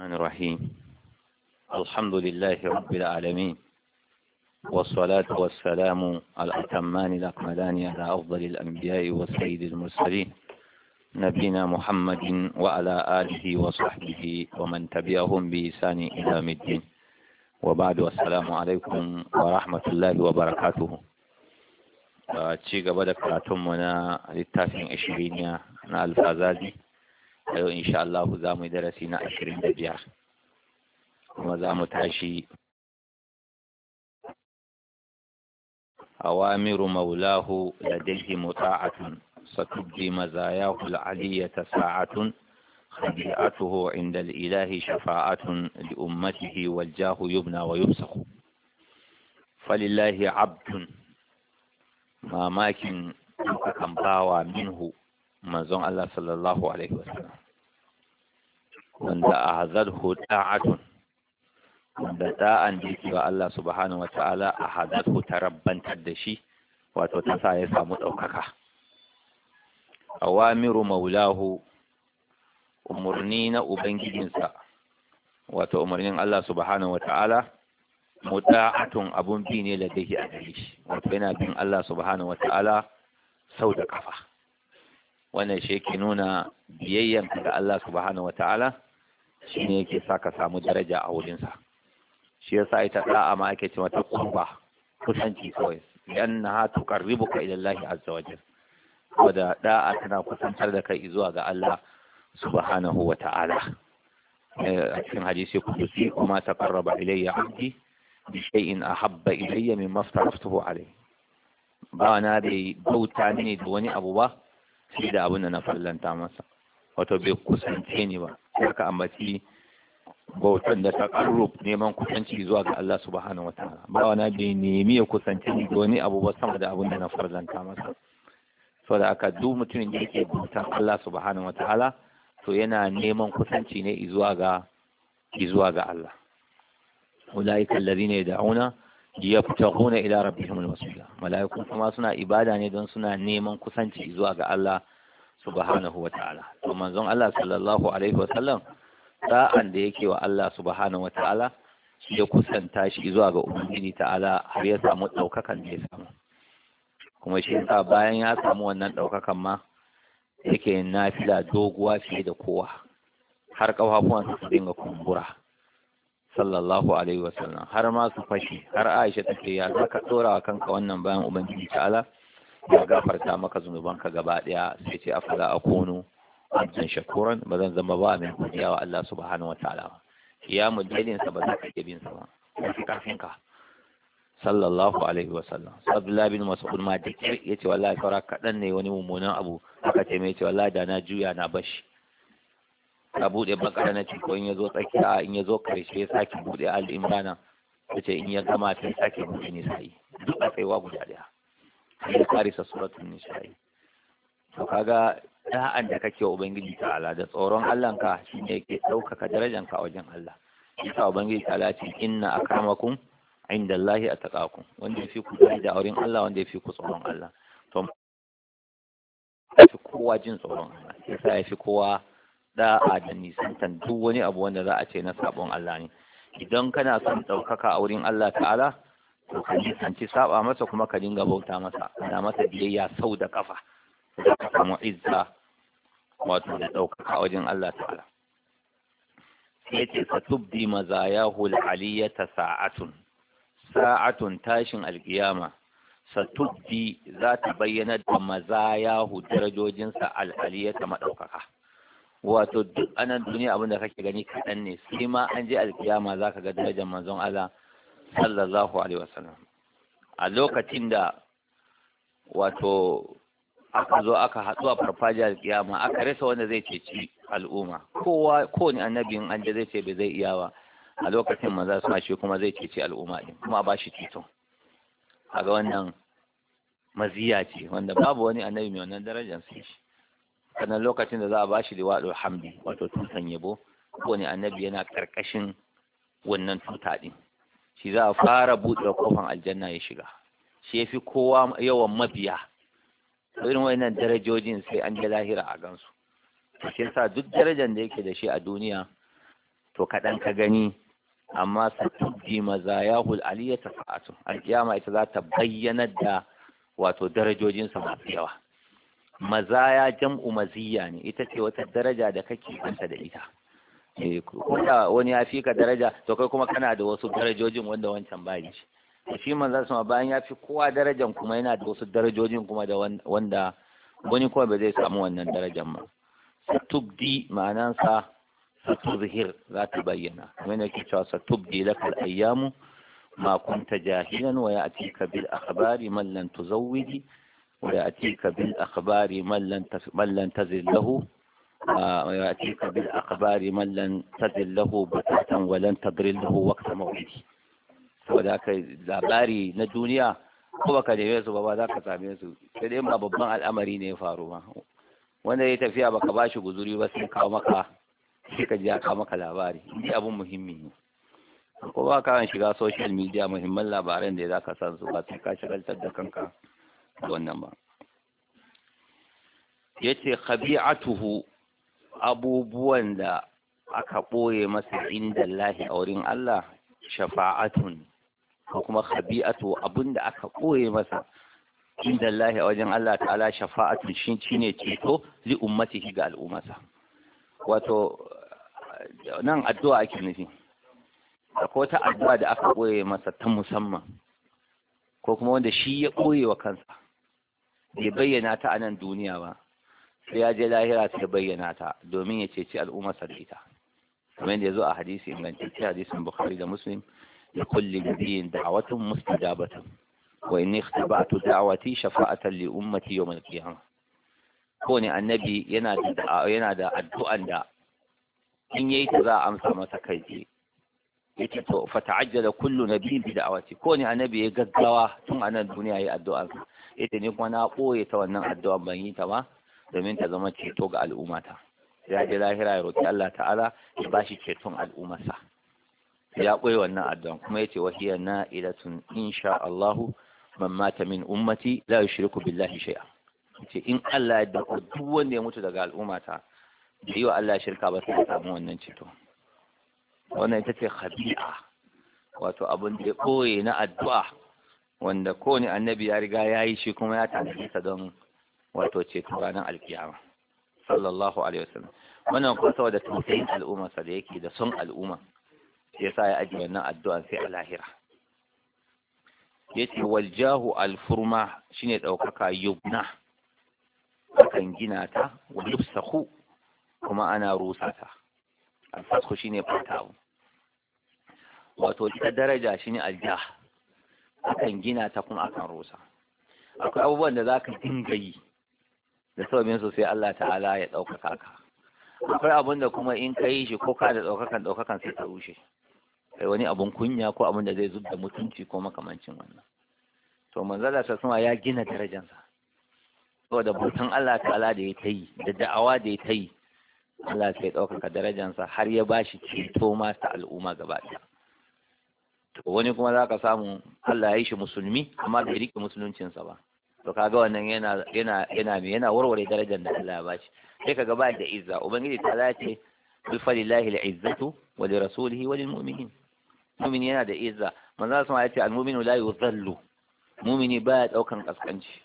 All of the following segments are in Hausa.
الرحمن الرحيم الحمد لله رب العالمين والصلاة والسلام على الأتمان الأكملان على أفضل الأنبياء والسيد المرسلين نبينا محمد وعلى آله وصحبه ومن تبعهم بإحسان إلى الدين وبعد والسلام عليكم ورحمة الله وبركاته ci gaba da للتاسع عشرين littafin ishiriniya ايو ان شاء الله زامو درسينا اكرين دبيا وزامو تعشي اوامر مولاه لديه مطاعة ستبدي مزاياه العلية ساعة خبيئته عند الاله شفاعة لامته والجاه يبنى ويبسخ فلله عبد ما ماكن كم منه manzon Allah sallallahu alaihi wasallam wanda a hazarhu da'atun wanda da'an da yake wa Allah subhanahu wata'ala a hazarhu ta rabbantar da shi wato ta sa ya samu ɗaukaka awamiru maulahu umarni na ubangijinsa wato umarnin Allah subhanahu wata'ala muta'atun abun bi ne ladaihi a gari. shi wato yana bin Allah subhanahu wata'ala sau da kafa wannan shi yake nuna biyayyan ga Allah subhanahu wa ta'ala shi ne yake sa ka samu daraja a wurinsa shi yasa ai ta da'a ma ake cewa ta kurba kusanci kawai dan na ha tuqarribu ka ila Allah azza wa jalla da da'a tana kusantar da kai zuwa ga Allah subhanahu wa ta'ala eh, a cikin hadisi kudusi kuma ta karraba ilayya abdi bi shay'in ahabba ilayya mimma aftaraftuhu alayhi ba na dai bauta ne da wani abu ba sai da abin da na fallanta masa wato bai kusance ni ba haka ambaci bautan da ta karro neman kusanci zuwa ga Allah subhanahu wataala bawa na bai nemi ya kusance ni wani abu ba sama da abin da na fallanta masa da aka duk mutumin da yake bautan Allah subhanahu wataala to yana neman kusanci ne zuwa ga zuwa ga Allah ulaika alladhina yad'una yabtaghuna ila rabbihimul wasila mala'iku kuma suna ibada ne don suna neman kusanci zuwa ga Allah subhanahu wata'ala to manzon Allah sallallahu alaihi wasallam sa'an da yake wa Allah subhanahu wata'ala shi ya kusanta shi zuwa ga ubangiji ta'ala har ya samu daukakan da ya samu kuma shi yasa bayan ya samu wannan daukakan ma yake nafila doguwa fiye da kowa har kafafuwan su dinga kumbura sallallahu alaihi wasallam har ma su fashi har Aisha take ya zaka dora wa kanka wannan bayan ubangiji ta'ala ya gafarta maka zunubanka gaba daya sai ce afala akunu abdan shakuran ba zan zama ba min godiya wa Allah subhanahu wataala ya mujallin sa ba zaka iya bin sa ba kafin ka sallallahu alaihi wasallam Abdullah bin Mas'ud ma da yace wallahi saura kadan ne wani mummunan abu aka ce mai ce wallahi da na juya na bashi ta buɗe bakara na ciko in ya zo tsakiya in ya zo karshe ya sake buɗe al'imrana ta ce in ya gama ta sake buɗe sa'i duk a tsayuwa guda ɗaya ya karisa suratul nishayi. to kaga da'an da kake wa ubangiji ta'ala da tsoron Allah ka shine yake ɗaukaka darajan ka wajen Allah yasa ubangiji ta'ala ce inna akramakum inda Allah ya ku, wanda ya fi ku da aurin Allah wanda ya fi ku tsoron Allah to ya fi kowa jin tsoron Allah yasa ya fi kowa da'a da nisantan duk wani abu wanda za a ce na sabon Allah ne idan kana son ɗaukaka a wurin Allah ta'ala to ka nisanci saba masa kuma ka dinga bauta masa na masa biyayya sau da kafa da ka samu izza wato da ɗaukaka a wajen Allah ta'ala sai ce ka tubdi mazayahu aliyata sa'atun sa'atun tashin alkiyama satubbi za ta bayyana da mazayahu darajojinsa al'aliyata maɗaukaka wato duk anan duniya abin kake gani kaɗan ne sai ma an je alkiyama za ka ga darajar manzon Allah sallallahu alaihi wasallam a lokacin da wato aka zo aka haɗu a farfajiyar alkiyama aka rasa wanda zai ceci al'umma kowa kowane annabin an je zai ce bai zai iya ba a lokacin manzon su shi kuma zai ceci al'umma din kuma ba shi a kaga wannan maziya ce wanda babu wani annabi mai wannan darajar sai shi sannan lokacin da za a bashi waɗo hamdi wato tutan yabo kowane annabi yana ƙarƙashin wannan tuta ɗin shi za a fara buɗe kofan aljanna ya shiga shi ya fi kowa yawan mabiya irin wannan darajojin sai an ji lahira a gansu shi yasa duk darajar da yake da shi a duniya to kaɗan ka gani amma maza ya hul aliyata fa'atun alƙiyama ita za ta bayyanar da wato darajojinsa masu yawa mazaya jam'u maziyya ne ita ce wata daraja da kake kanta da ita eh, ko da wani ya fi ka daraja to kai kuma kana da wasu darajojin wanda wancan bai shi shi manzo ma bayan ya fi kowa darajan kuma yana da wasu darajojin kuma da wanda wani kuma ba zai samu wannan darajan ba satubdi ma'anansa satuzhir za ta bayyana kamar da ke cewa satubdi lakal ayyamu ma kunta jahilan wa ya'tika bil akhbari man lan tuzawwiji ويأتيك بالأخبار من لن من لن تزل له ويأتيك بالأخبار من لن تزل له بتاتا ولن تضرل له وقت موعده وذاك labari na duniya ko baka neme su ba ba za ka same su sai dai ba babban al'amari ne ya faru ba wanda ya tafiya baka ba shi guzuri ba sai kawo maka sai ji ya kawo maka labari ni abun muhimmi ne ko ba ka shiga social midiya muhimman labaran da za ka san su ba sai ka shagaltar da kanka wannan ba ya ce khabi'atuhu abubuwan da aka ɓoye masa inda lahi a wurin Allah shafa'atun ko kuma khabi'atu abun da aka ɓoye masa inda lahi a wajen Allah ta'ala shafa'atun shi ne ceto li ummatihi ga al'ummasa wato nan addu'a ake nufi akwai wata addu'a da aka ɓoye masa ta musamman ko kuma wanda shi ya ɓoye wa kansa bai bayyana ta a nan duniya ba sai ya je lahira sai bayyana ta domin ya ceci al'ummar sa da ita kamar yadda ya zo a hadisi ingantacce hadisin bukhari da muslim da kulli nabiyin da'awatun mustajabatun wa inni ikhtaba'tu da'awati shafa'atan li ummati yawm al-qiyamah kowane annabi yana da yana da addu'an da in yayi ta za a amsa masa kai yake to fata'ajjala kullu da bi da'awati ko ne annabi ya gaggawa tun a nan duniya yayi addu'a ita ne kuma na ɓoye ta wannan addu'a ban yi ta ba domin ta zama ceto ga ta, ya ji lahira ya roki Allah ta'ala ya bashi ceton al'ummarsa ya ɓoye wannan addu'a kuma yace wa hiya tun insha Allah man mata min ummati la yushriku billahi shay'a yace in Allah ya da duk wanda ya mutu daga al'ummata bai yi wa Allah shirka ba sai ya samu wannan ceto wannan ita ce khabi'a wato abin da ya koye na addu'a wanda kowane annabi ya riga ya yi shi kuma ya tanadi sa don wato ceto ranar alkiyama sallallahu alaihi wasallam wannan kuma saboda tausayin al'umma sa da yake da son al'umma yasa ya ajiye wannan addu'an sai a lahira yace wal jahu al furma shine daukaka yubna akan gina ta wa yufsahu kuma ana rusa ta alfasku shine fata wato ita daraja shine alja akan gina ta kuma akan rusa akwai abubuwan da za ka dinga yi da sababin su sai Allah ta'ala ya ɗaukaka ka akwai abin da kuma in ka yi shi ko ka da ɗaukakan ɗaukakan sai ta rushe kai wani abun kunya ko abin da zai zub da mutunci ko makamancin wannan to manzala ta suma ya gina darajansa saboda bautan Allah ta'ala da ya ta yi da da'awa da ya ta yi Allah sai ɗaukaka darajansa har ya bashi ceto ma ta al'umma gaba ɗaya to wani kuma za ka samu Allah ya yi shi musulmi amma bai rike musuluncinsa ba to kaga wannan yana yana yana me yana warware darajar da Allah ya bashi sai kaga ba da izza ubangiji ta zace bi falillahi al'izzatu wa li rasulihi wa lil mu'minin mu'min yana da izza manzo sun ya ce al mu'minu la yuzallu mu'mini baya ɗaukan kaskanci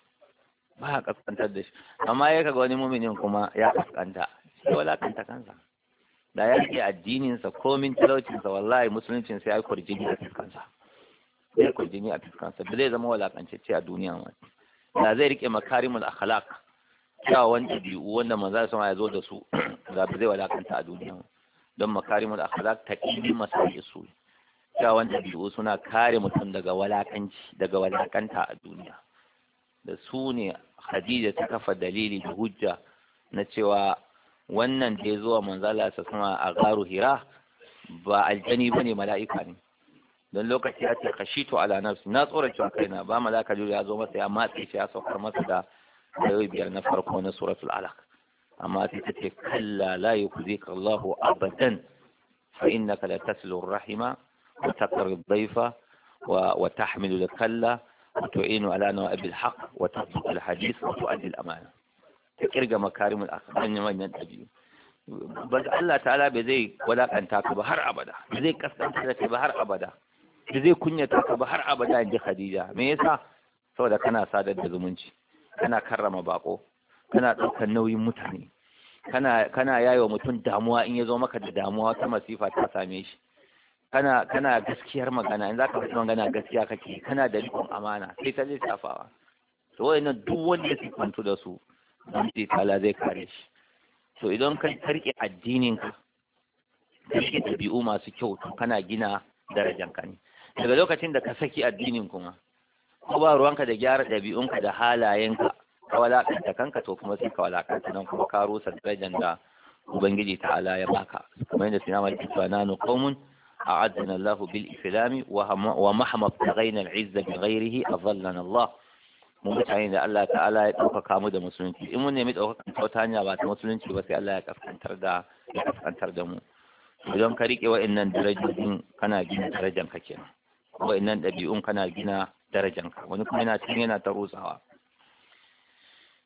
ba kaskantar da shi amma ya ga wani mu'minin kuma ya kaskanta ya walakanta kansa da ya ke addininsa komin talaucinsa wallahi musuluncin sai ya jini a fuskansa ya jini a fuskansa da zai zama walakancacce a duniya ma da zai rike makarimul akhlaq kyawawan ɗabi'u wanda manzo sama ya zo da su da ba zai walakanta a duniya don makarimul akhlaq taqimin masail su kyawawan ɗabi'u suna kare mutum daga walakanci daga walakanta a duniya da su ne Khadija ta kafa dalili da hujja na cewa wannan da ya zuwa manzala sa sama a garu hira ba aljani bane mala'ika ne don lokaci ya ce kashito ala nafsi na tsora cewa kaina ba malaka juri ya zo masa ya matse shi ya saukar masa da ayoyi biyar na farko na suratul alaq amma sai ta ce kalla la yukzika Allahu abadan fa innaka la taslu rahima wa taqri dhayfa wa wa tahmilu kalla وتعين على ala الحق haqq الحديث وتؤدي الأمانة ta kirga makarimul akhlaq manyan ɗabi'u. ba Allah ta'ala bai zai wadakanta ka ba har abada ba zai kaskanta da kai ba har abada bai zai kunyata ka ba har abada inji Khadija me yasa saboda kana sadar da zumunci kana karrama bako kana ɗaukar nauyin mutane kana kana yayo mutum damuwa in ya zo maka da damuwa ta masifa ta same shi kana kana gaskiyar magana in zaka faɗi magana gaskiya kake kana da riƙon amana sai ta zai lissafawa to wayannan duk wanda ya kwanto da su ubangiji Tala zai kare shi to idan ka karke addininka, karke ɗabi'u masu kyau to kana gina darajan ka ne daga lokacin da ka saki addinin kuma ko ba ruwanka da gyara ɗabi'unka da halayenka ka walakanta kanka to kuma sai ka walakanta nan kuma ka rusa darajan da ubangiji ta'ala ya baka kamar yadda sinama yake cewa nanu qaumun a'adana bil islami wa mahmad tagayna al izza bi ghayrihi Allah mu mutane da Allah ta'ala ya ɗaukaka mu da musulunci in mun nemi ɗaukakan ta wata hanya ba ta musulunci ba sai Allah ya kaskantar da ya kaskantar da mu idan ka riƙe wa'annan darajojin kana gina darajan ka kenan wa'annan ɗabi'un kana gina darajan ka wani kuma yana cikin yana ta rusawa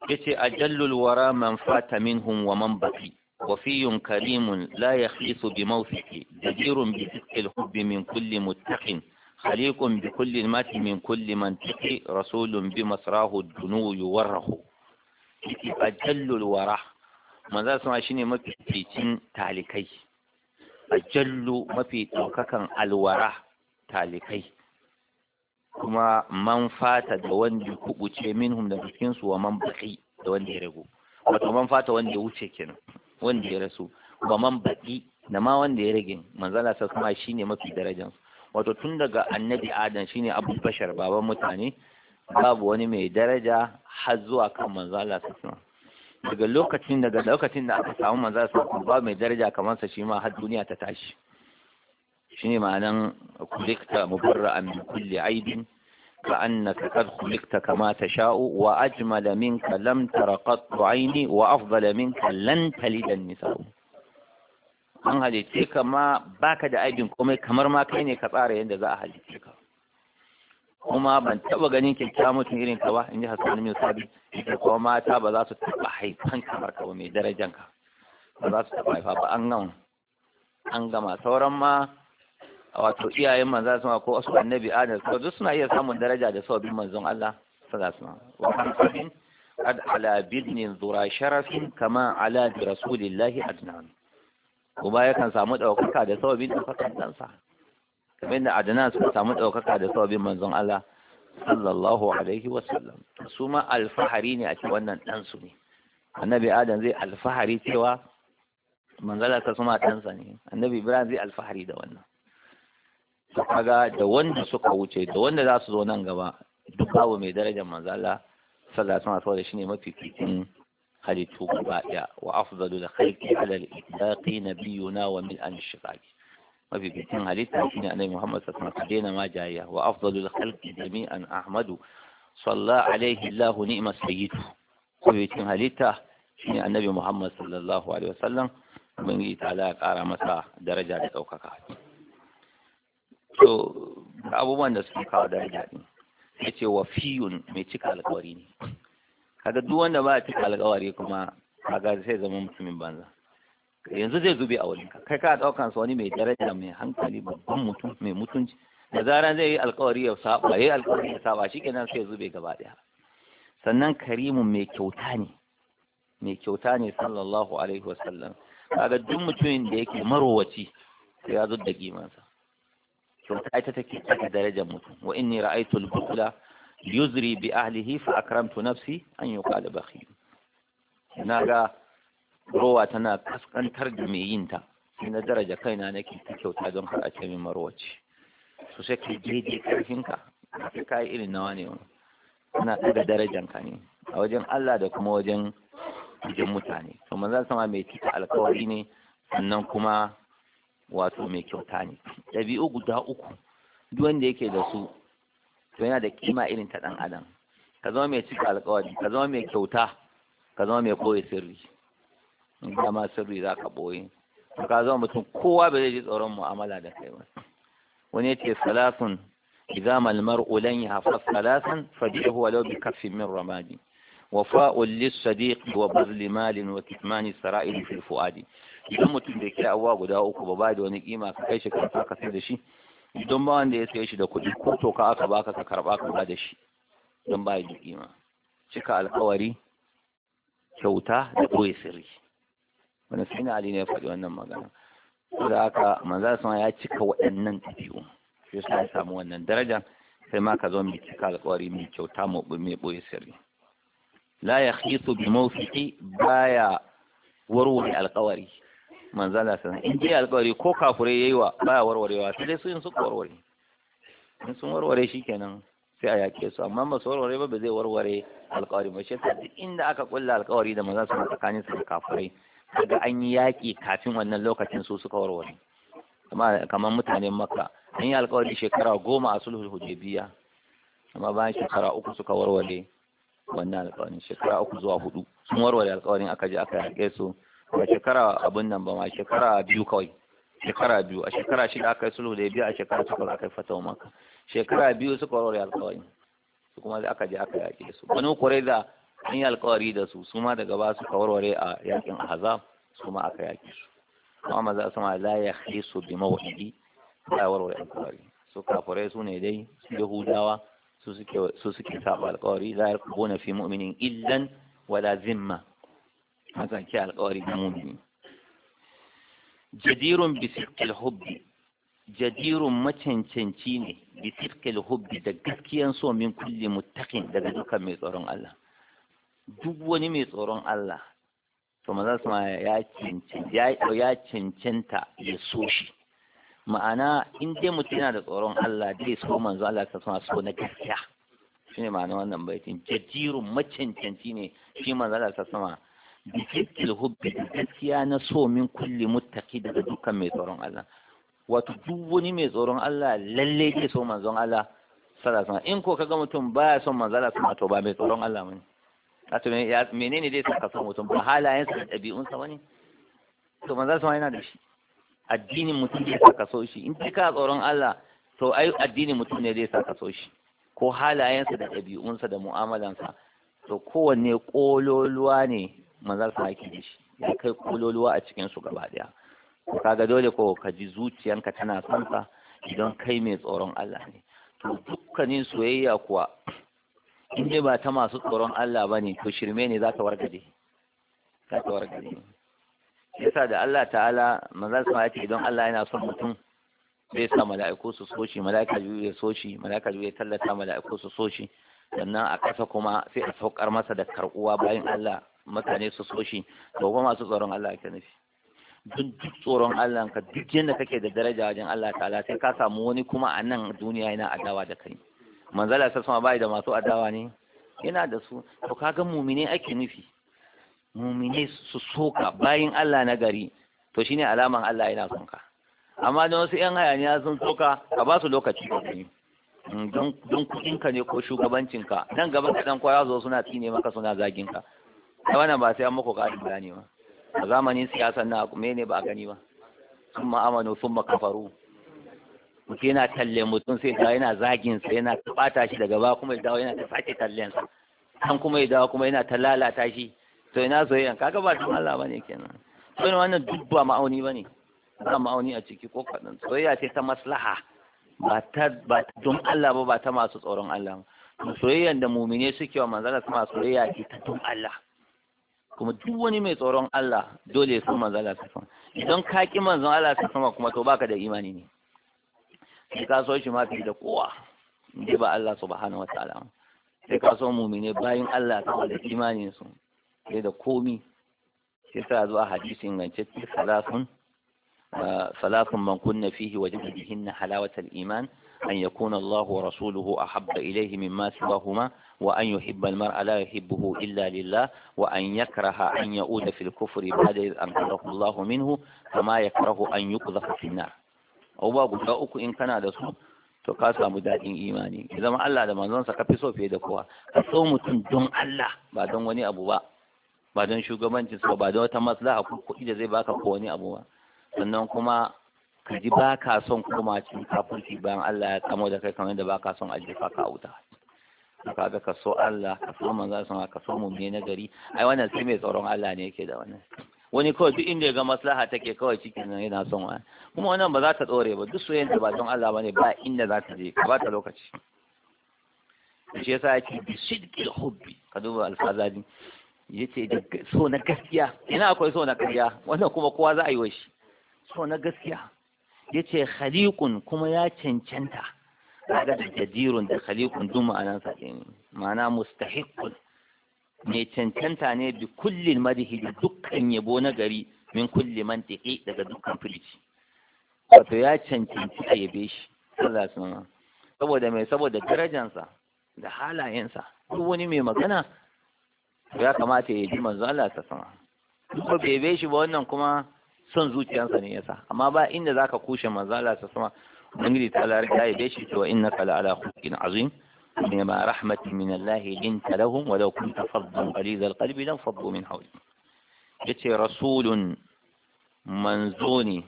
yace ajallul wara man fata minhum wa man baqi وفي كريم لا يخلص بموثق جدير بصدق الحب من كل متق xaliikun bi kulli mati min kulli mantiki rasulun bi masrahu dunu yu warahu a jallul wara ma za su ma shi mafi fitin talikai a jallu mafi ɗaukakan alwara talikai kuma man fata da wanda ya kubuce min hum wa man baki da wanda ya rago wato man fata wanda ya wuce kenan wanda ya rasu wa man baki da ma wanda ya rage manzala sa kuma shine mafi darajansu wato tun daga annabi adam shine abu bashar baban mutane babu wani mai daraja har zuwa kan manzo Allah daga lokacin daga lokacin da aka samu manzo Sassan babu mai daraja kamar sa shi ma har duniya ta tashi shine ma'anan kulikta mubarra'an min kulli aibin kama ta sha'u wa ajmala minka lam tara تر aini wa afdala minka lan تلد النساء an halice ka ma baka da aibin komai kamar ma kai ne ka tsara yadda za a halice ka kuma ban taba ganin kyakkyawan mutum irin ka ba in ji hassan min sabi ita kuma mata ba za su taba haifan kamar ka ba mai darajan ka ba za su taba haifa ba an gama an gama sauran ma wato iyayen manzon ma ko wasu annabi adam ko duk suna iya samun daraja da sabbin manzon Allah sallallahu alaihi wasallam wa kan sabin ad ala bidnin dhura sharafin kama ala rasulillahi adnan uba yakan samu ɗaukaka da sababin ɗaukakan ɗansa kamar da adana suka samu ɗaukaka da sababin manzon Allah sallallahu alaihi wasallam su ma alfahari ne a ce wannan ɗansu ne annabi adam zai alfahari cewa manzala ka suma ɗansa ne annabi ibrahim zai alfahari da wannan to kaga da wanda suka wuce da wanda za su zo nan gaba duk babu mai darajar manzala sallallahu alaihi wasallam saboda shine mafi fitin halittu gaba ɗaya wa afdalu da khalqi ala al-itlaqi nabiyuna wa min al-shiqaqi mafi bikin halitta shine annabi Muhammad sallallahu alaihi wasallam ma jayya wa afdalu al-khalqi jami'an ahmadu salla alaihi Allah ni'ma sayyid ko bikin halitta shine annabi Muhammad sallallahu alaihi wasallam ubangiji ta'ala ya kara masa daraja da daukaka to abubuwan da suka kawo daraja din yace wafiyun mai cika alkawari ne kaga duk wanda ba cika alƙawari kuma kaga sai zama mutumin banza yanzu zai zube a wurinka kai ka ɗaukan sa wani mai daraja mai hankali babban mutum mai mutunci da zaran zai yi alkawari ya saba yayi alkawari ya saba shikenan sai zube gaba ɗaya sannan karimun mai kyauta ne mai kyauta ne sallallahu alaihi wasallam kaga duk mutumin da yake marowaci sai ya zo da kimansa kyauta ita take taka darajar mutum wa inni ra'aytu al-bukhla yuzri bi ahlihi fa akramtu nafsi an baki. Na ga rowa tana kaskantar da mai yin ta na daraja kaina nake ta kyauta don kar a ce min marwaci so sai ka daidai karfin ka ka kai irin nawa ne kana daga darajan ka ne a wajen Allah da kuma wajen wajen mutane to manzon sama mai cika alkawari ne sannan kuma wato mai kyauta ne ɗabi'u guda uku duk wanda yake da su to yana da kima irin ta dan adam ka zama mai cika alkawari ka zama mai kyauta ka zama mai koyi sirri in ma sirri za ka boye ka zama mutum kowa ba zai ji tsoron mu'amala da kai ba wani yace salasun idza mal mar'u lan yahfaz salasan fajihu walau bi kaffin min ramadi وفاء للصديق وبذل مال وكتمان السرائر في الفؤاد idan mutum da ke abuwa guda uku ba ba da wani kima ka kai shi ka saka da shi don ba wanda ya saye shi da kuɗi ko to ka aka baka ka karba ka ba da shi don ba da kima cika alkawari kyauta da ɓoye sirri wani sai na ali ne ya faɗi wannan magana da aka manzo sama ya cika waɗannan ɗabi'u shi yasa samu wannan daraja sai ma ka zo mai cika alkawari mai kyauta mai ɓoye sirri la ya khitu bi mawfiqi baya warware alkawari manzala sana in ji alƙawari ko kafure yayi wa baya warwarewa sai dai su in suka warware in sun warware shikenan sai a yake su amma ba su warware ba ba zai warware alƙawari ba shi ta duk inda aka kulla alƙawari da manzala sun tsakanin su da kafurai daga an yi yaƙi kafin wannan lokacin su suka warware kamar mutanen makka an yi alƙawari shekara goma a sulhul hudaybiya amma bayan shekara uku suka warware wannan alƙawarin shekara uku zuwa hudu sun warware alƙawarin aka je aka yaƙe su ba shekara abin nan ba ma shekara biyu kawai shekara biyu a shekara shida aka yi sulhu da ya biya a shekara takwas aka yi fata maka shekara biyu suka warware alkawari su kuma aka je aka yaƙi da su banu da an yi alkawari da su su ma daga ba suka warware a yakin haza su ma aka yaƙi su kuma maza ma la ya khisu bi mawhidi ba warware alkawari su kafirai su ne dai yahudawa su suke su suke saba alkawari la na fi mu'minin illan wala zimma hakan ke alƙawari na mumini jadirun bisikil hubbi jadirun macancanci ne bisikil hubbi da gaskiyan so min kulli muttaqin daga duka mai tsoron Allah duk wani mai tsoron Allah to maza su ya cancanta ya cancanta ya so shi ma'ana in dai mutum yana da tsoron Allah dai so manzo Allah ka sama so na gaskiya ne ma'ana wannan baitin jadirun macancanci ne shi manzo Allah ka sama Bikin hubbi gaskiya na so min kulli muttaki daga dukkan mai tsoron Allah wato duk wani mai tsoron Allah lalle ke so manzon Allah sallallahu alaihi in ko kaga mutum baya son manzon Allah to ba mai tsoron Allah bane wato menene dai saka son mutum ba halayen sa dabi'un sa bane to manzon Allah yana da shi addinin mutum zai saka so shi in ka tsoron Allah to ai addinin mutum ne zai saka so shi ko halayensa da sa da mu'amalansa to kowanne kololuwa ne manzal su haƙi da shi ya kai kololuwa a cikin su gaba daya to kaga dole ko ka ji zuciyanka tana son sa idan kai mai tsoron Allah ne to dukkanin soyayya kuwa in dai ba ta masu tsoron Allah bane to shirme ne zaka wargade ta wargade yasa da Allah ta'ala manzal su haƙi idan Allah yana son mutum zai sa mala'iku su so shi mala'ika biyu ya so shi mala'ika biyu ya tallata mala'iku su so shi sannan a ƙasa kuma sai a saukar masa da karɓuwa bayan Allah mutane su so shi to ba masu tsoron Allah ake nufi don duk tsoron Allah ka duk yadda kake da daraja wajen Allah ta'ala sai ka samu wani kuma a nan duniya yana adawa da kai manzala sai sama bai da masu adawa ne yana da su to kaga mumine ake nufi mumine su soka bayin Allah na gari to shine alaman Allah yana son ka amma don wasu yan hayaniya sun soka ka ba su lokaci mm, don kudinka ne ko shugabancinka nan gaba ka dan kwaya zo suna tsine maka suna zagin ka a wannan ba sai an muku ƙarin bayani ba a zamanin siyasa na kuma ne ba a gani ba sun ma'amano sun makafaru mutum yana talle mutum sai dawo yana zagin sa yana ɓata shi daga ba kuma ya dawo yana ta sake tallen sa kan kuma ya dawo kuma yana ta lalata shi to ina soyayya kaga ba tun Allah bane kenan to wannan duk ba ma'auni bane ba ma'auni a ciki ko kaɗan soyayya ce ta maslaha ba ta ba don Allah ba ba ta masu tsoron Allah ba soyayyan da mumine suke wa manzala sama soyayya ce ta don Allah kuma duk wani mai tsoron Allah dole ya san manzon Allah ta idan ka ki manzo Allah ta sama kuma to baka da imani ne sai ka so shi ma fi da kowa inda ba Allah subhanahu wataala sai ka so mu'mine bayin Allah da imanin su sai da komi sai sa zuwa hadisi ingantacce salatun ah, salatun man kunna fihi wajibihim halawatal iman أن يكون الله ورسوله أحب إليه مما سواهما وأن يحب المرء لا يحبه إلا لله وأن يكره أن يؤود في الكفر بعد إذ أنقذه الله منه كما يكره أن يقذف في النار أو باب جاءك إن كان هذا سوء to ka samu daɗin imani ya zama Allah da manzonsa ka fi so fiye da kowa ka so mutum don Allah ba don wani abu ba ba don shugabancinsa ba don wata maslaha ko kuɗi da zai baka ko wani abu ba sannan kuma ka ji ba ka son kuma cin kafirci bayan Allah ya kamo da kai kamar da ba ka son ajiye ka wuta ka ga ka so Allah ka so manzo sun ka so mu ne na gari ai wannan sai mai tsoron Allah ne yake da wannan wani kawai duk inda ya ga maslaha take kawai cikin nan yana son wa kuma wannan ba za ta tsore ba duk soyayya ba don Allah bane ba inda za ta je ka ba ta lokaci shi yasa yake bi sidqi hubbi ka duba alfazadi yace da so na gaskiya ina akwai so na gaskiya wannan kuma kowa za a yi wa shi so na gaskiya Ya ce khaliqun kuma ya cancanta kaga da jadirun da khaliqun duk ma'anan sa ne ma'ana mustahiqun ne cancanta ne bi kulli madhi da dukkan yabo na gari min kulli mantiki daga dukkan filici wato ya cancanci a yabe shi Allah saboda mai saboda darajansa da halayensa duk wani mai magana ya kamata ya ji manzo Allah ta sama duk bai shi ba wannan kuma son zuciyansa ne yasa amma ba inda zaka kushe manzo Allah ta sama ubangiji ta Allah ya yi shi cewa innaka la ala khulqin azim bima rahmatin min Allah linta lahum wa law kunta faddan qalid alqalbi lan faddu min hawli yace rasulun manzuni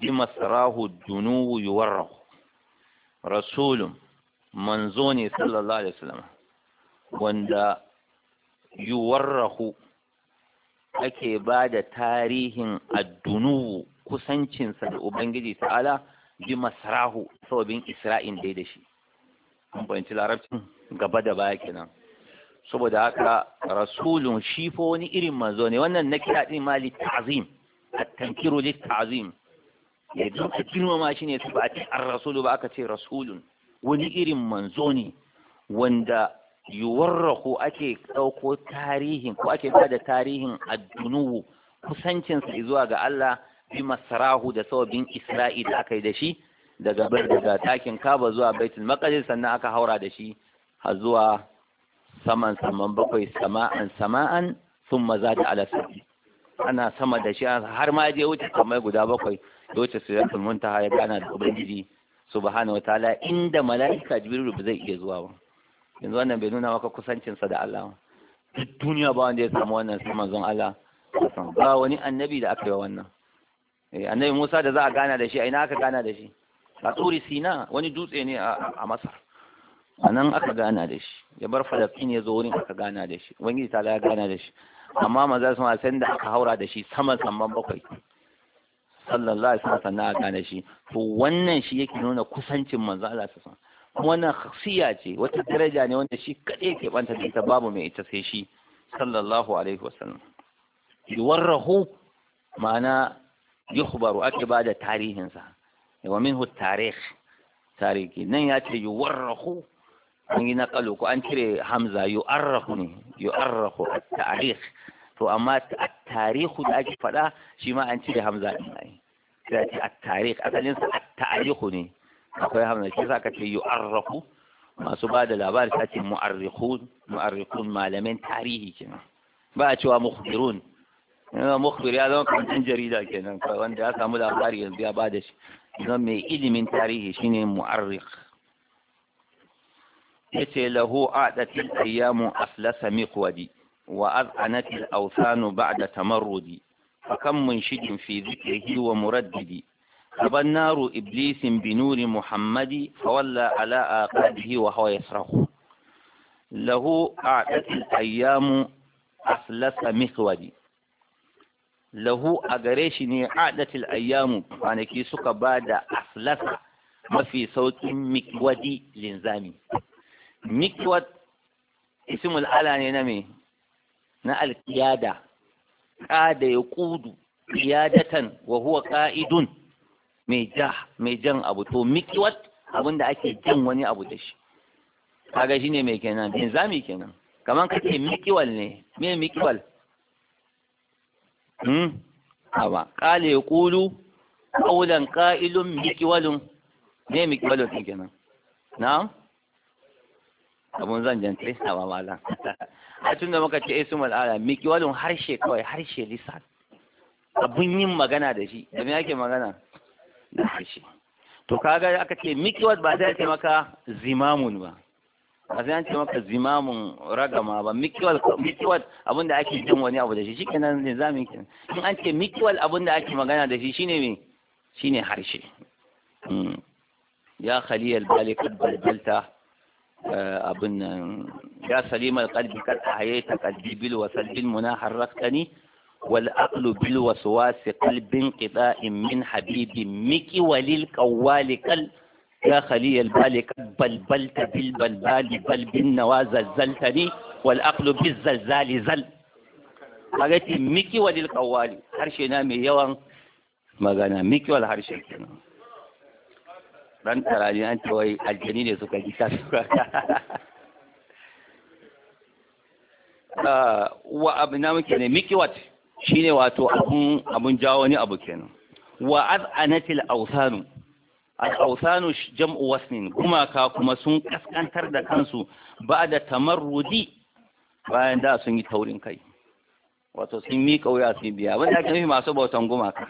bi masrahu dunuwu yuwarrahu rasulun manzuni sallallahu alaihi wasallam wanda yuwarrahu ake ba da tarihin addunu kusancinsa da Ubangiji ta'ala bi masarahu sababin Isra'in dai da shi. An fahimci larabcin gaba da baya kenan. Saboda haka rasulun shi fa wani irin manzo ne wannan na kira din mali ta'zim at-tankiru lit ta'zim ya duka girmama shi ne ba a ce an rasulu ba aka ce rasulun wani irin manzo ne wanda ko ake ɗauko tarihin ko ake bada tarihin addunuwu kusancinsa zuwa ga Allah bi masarahu da sababin Isra'i da aka yi da shi daga bar daga takin Kaba zuwa Baitul Maqdis sannan aka haura da shi har zuwa saman saman bakwai sama'an sama'an thumma zada ala sabi ana sama da shi har ma je wuce kamar guda bakwai ya wuce suratul muntaha ya gana da ubangiji subhanahu wataala inda mala'ika jibril ba zai iya zuwa ba yanzu wannan bai nuna maka kusancinsa da Allah duk duniya ba wanda ya samu wannan sai manzon Allah ba wani annabi da aka yi wannan eh, annabi Musa da za a gana da shi a ina aka gana da shi a tsuri Sina wani dutse ne a Masar a nan aka gana da shi ya bar Falastin ya zo wurin aka gana da shi wani ta ya gana da shi amma maza sun san da aka haura da shi saman saman bakwai sallallahu alaihi wasallam aka gane shi to wannan shi yake nuna kusancin manzo Allah sallallahu alaihi wasallam wannan siya ce wata daraja ne wanda shi kaɗai ke banta da ita babu mai ita sai shi sallallahu alaihi wasallam yuwarrahu ma'ana yukhbaru ake ba da tarihinsa wa hu tarih tarihi nan ya ce yuwarrahu an yi naƙalu ko an cire hamza yu'arrahu ne yu'arrahu a tarih to amma a tarihu da ake faɗa shi ma an cire hamza din ai sai at asalin sa at-tarihu ne akwai hamza shi sa ka ce yu'arrafu masu ba da labari ta ce mu'arrikhun mu'arrikhun malamin tarihi kenan ba a cewa mukhbirun yana mukhbir ya zama kamar jarida kenan wanda ya samu labari yanzu ya ba da shi zan mai ilimin tarihi shine mu'arrikh yace lahu adatil ayyamu aflasa miqwadi wa az'anatil awthanu ba'da tamarrudi fa kam munshidin fi dhikrihi wa muraddidi أبا النار إبليس بنور محمد فولى على آقابه وهو يصرخ له أعدت الأيام أثلث مخودي له أغريشني أعدت الأيام أنا كي بعد أثلث ما في صوت مكودي لنزامي مكود اسم الآلة نمي نا القيادة قاد يقود قيادة وهو قائد mai ja mai jan abu to mikiwat abin da ake jan wani abu da shi kaga shine mai kenan binzami kenan kaman ce mikiwal ne me mikiwal hmm Kale qala yaqulu qawlan qa'ilun mikiwalun me mikiwalun ne kenan na'am abun zan jance ba mala a tun da muka ce ismul ala mikiwalun harshe kawai harshe lisan abun yin magana da shi da me ake magana Na harshe to kaga aka ce mikiwat ba zai ce maka zimamun ba ba zai ce maka zimamun ragama ba mikiwat mikiwat da ake jin wani abu da shi shikenan ne zamin ke in an ce mikiwat da ake magana da shi shine me shine harshe hmm. ya khaliyal bali balbalta eh, abin nan ya salimar kalbi kad ahayta kalbi bil wasal bil muna ni. wal aqlu bil waswasi qalbin qida'in min habibi miki walil qawwali kal ya khali al bali balbalta bil balbali bal bin nawazazzaltani wal aqlu biz zalzali zal kagati miki walil qawwali harshe na mai yawan magana miki wal harshe kenan ran tarani an tawai aljani ne suka ji kasuwa wa abu na muke Shi ne wato abun jawo wani abu kenan wa az'anatil ausanu al ausanu jam'u wasnin gumaka kuma sun kaskantar da kansu ba da tamarrudi bayan da sun yi taurin kai wato sun miƙa wuya sun biya ba da nufi masu bautan gumaka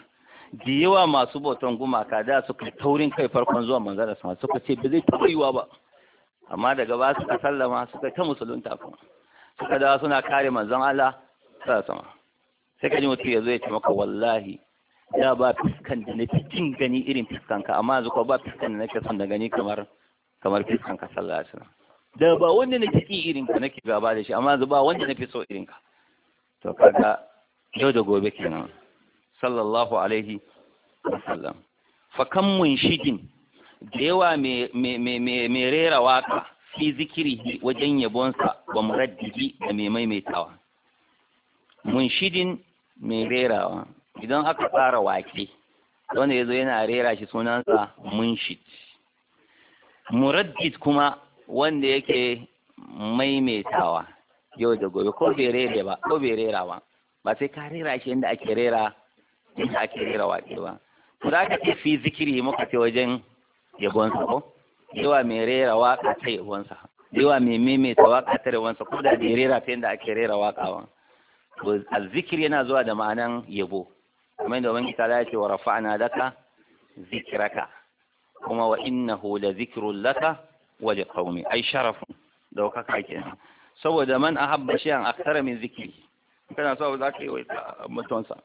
da yawa masu bautan gumaka da suka taurin kai farkon zuwa manzara sama suka ce ba zai taɓa yiwa ba amma daga ba ka sallama suka ta musulunta kuma suka dawa suna kare manzon Allah sama sai ka ji mutum ya zo ya ce maka wallahi da ba fiskan da na cikin gani irin fiskan ka amma yanzu kuma ba fiskan da nake son da gani kamar kamar fiskan ka sallallahu alaihi wasallam da ba wanda nake ki irin ka nake gaba da shi amma yanzu ba wanda nake so irin ka to kaga yau da gobe kenan sallallahu alaihi wasallam fa kam mun shigin da yawa mai rera waka fi zikiri wajen yabonsa mu muraddihi da mai maimaitawa munshidin mai rerawa idan aka tsara wake wanda ya zo yana rera shi sunansa munshid muraddid kuma wanda yake maimaitawa yau da gobe ko bai rere ba ko bai rera ba ba sai ka rera shi inda ake rera inda ake rera wake ba to za ka ce fi zikiri muka ce wajen yabonsa ko yawa mai rera waka ta yabonsa yawa mai maimaita waka ta yabonsa ko da bai rera ta inda ake rera waka ba azzikir yana zuwa da ma'anan yabo kamar da wani tala ya ce wa rafa'na laka zikraka kuma wa innahu la zikrun laka wa liqaumi ai sharafun daukaka kenan saboda man ahabba shay'an akthara min zikiri. kana so za ka yi wa mutunsa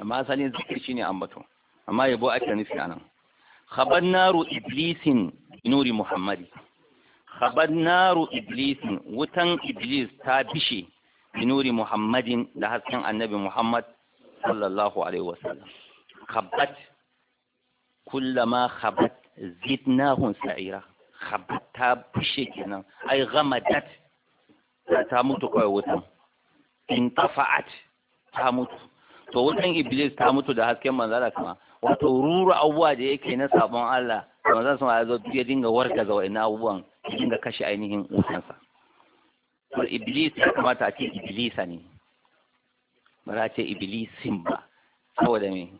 amma asalin zikir ne ambato amma yabo ake nufi anan khabar naru iblisin nuri muhammadi khabar naru iblisin wutan iblis ta bishe binuri muhammadin da hasken annabi muhammad sallallahu alaihi wasallam khabbat kullama khabbat zidnahum sa'ira khabbat ta bushe kenan ai ghamadat ta mutu kawai wutan in tafa'at ta mutu to wutan iblis ta mutu da hasken manzara kuma wato ruru abubuwa da yake na sabon Allah manzara sun ya zo ya dinga wargaza wa'annan abubuwan ya dinga kashe ainihin wutansa wal iblis ya kamata a ce iblisa ne ba za a ce iblisin ba saboda me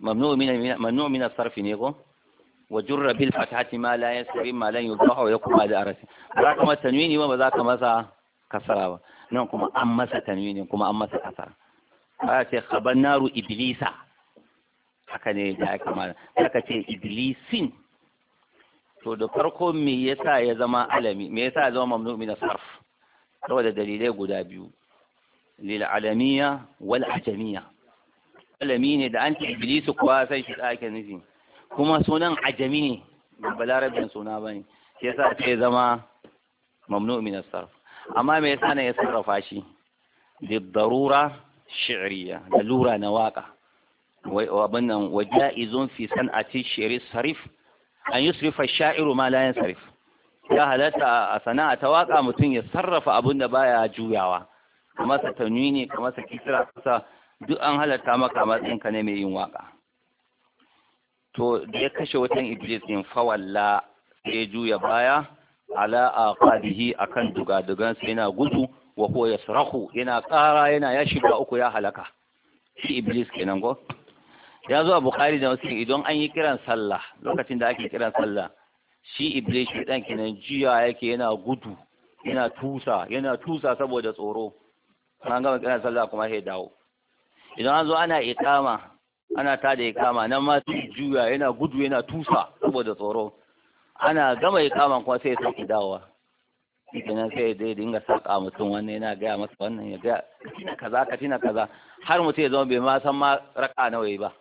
mamnu min mamnu min sarfi ne ko wa jurra bil fatati ma la yasri ma lan yudahu ya kuma da arasi ba ka masa tanwini ba za ka masa kasara ba nan kuma an masa tanwini kuma an masa kasara ba ce khaban naru iblisa haka ne da ya kamata haka ce iblisin to da farko me yasa ya zama alami me yasa ya zama mamnu min sarf saboda dalilai guda biyu lil alamiya wal ajamiya alami ne da anti iblis kuwa sai shi ake nufi kuma sunan ajami ne ba balarabin suna bane shi yasa ya zama mamnu min sarf amma me yasa ne ya sarrafa shi lid darura shi'riya lura na waka wa abin nan wa ja'izun fi san'ati shi'ri sarif an yusrifa sha'iru ma layan sarif ya halatta a sana'a ta waka mutum ya sarrafa abin da ba ya juyawa kamar sa ne kamar sa Kisira, kusa duk an halatta maka matsayin ne mai yin waka to da ya kashe watan iblis in fawalla sai juya baya ala a kan dugadugan sai yana gudu wa ya yasrahu yana kara yana ya shiga uku ya halaka shi iblis kenan go ya zo a bukari da wasu idan an yi kiran sallah lokacin da ake kiran sallah shi iblis ɗan kenan jiya yake yana gudu yana tusa yana tusa saboda tsoro an gama kiran sallah kuma sai dawo idan an zo ana ikama ana ta da ikama nan ma su juya yana gudu yana tusa saboda tsoro ana gama ikama kuma sai sake dawowa kenan sai dai dinga saka mutum wannan yana gaya masa wannan ya gaya kaza katina kaza har mutum ya zama bai ma san ma raka nawa ba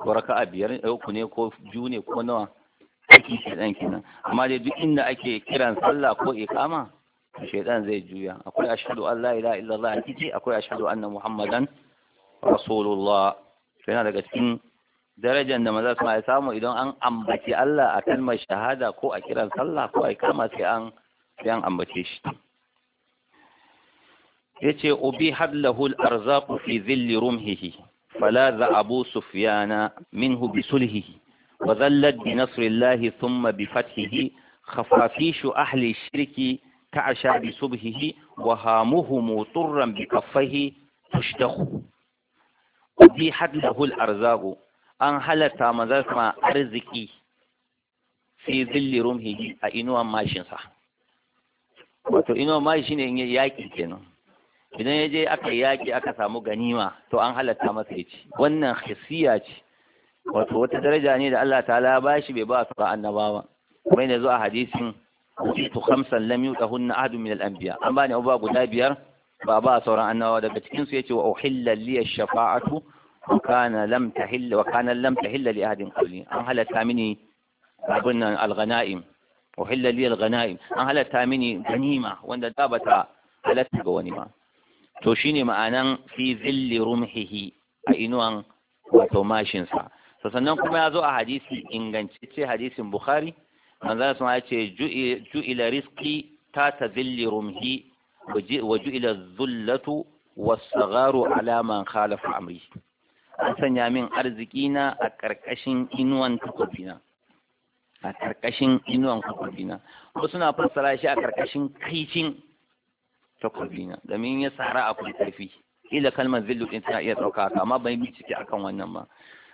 ko raka'a biyar uku ne ko biyu ne ko nawa aikin shaidan kenan amma dai duk inda ake kiran sallah ko ikama shaidan zai juya akwai ashhadu an la ilaha illallah a ciki akwai ashhadu anna muhammadan rasulullah to yana daga cikin darajar da maza suna samu idan an ambaci Allah a kalmar shahada ko a kiran sallah ko a ikama sai an sai an ambace shi yace ubi hablahul arzaqu fi dhilli rumhihi فلاذ أبو سفيان منه بسلهه وذلت بنصر الله ثم بفتحه خفافيش أهل الشرك كعشى بصبهه وهامهم طرا بكفه تشدخ أبيحت له الأرزاق أن هلت ما أرزقي في ظل رمهه أينوان ماشين صح wato inuwa ma shi ne in yaƙi kenan idan ya je aka yaƙi aka samu ganima to an halatta masa ya ci wannan hisiya ce wato wata daraja ne da Allah Ta ba shi bai ba su annabawa kuma yana zuwa hadisin utitu khamsan lam yutahunna ahadun min al-anbiya an bani abubuwa guda biyar ba ba sauran annabawa daga cikin su yace wa uhilla li ash-shafa'atu wa kana lam tahill wa kana lam tahill li ahadin an halatta mini abin nan al-ghanaim uhilla li al-ghanaim an halatta mini ganima wanda da bata halatta ga wani ba to shi ne ma'anan fi zilli rumhihi a inuwan wato mashinsa to sannan kuma ya zo a hadisi ingantacce hadisin bukhari manzon su ya ce ju'ila riski, ta ta zilli rumhi wa ju'ila zullatu wasu sagharu alaman amri an sanya min arzikina na a ƙarƙashin inuwan takobina a ƙarƙashin inuwan takobina wasu na fassara shi a ƙarƙashin kaicin takwas dina domin ya a kuma karfi ila kalmar zillu din tana iya ɗauka haka amma ban bincike a kan wannan ba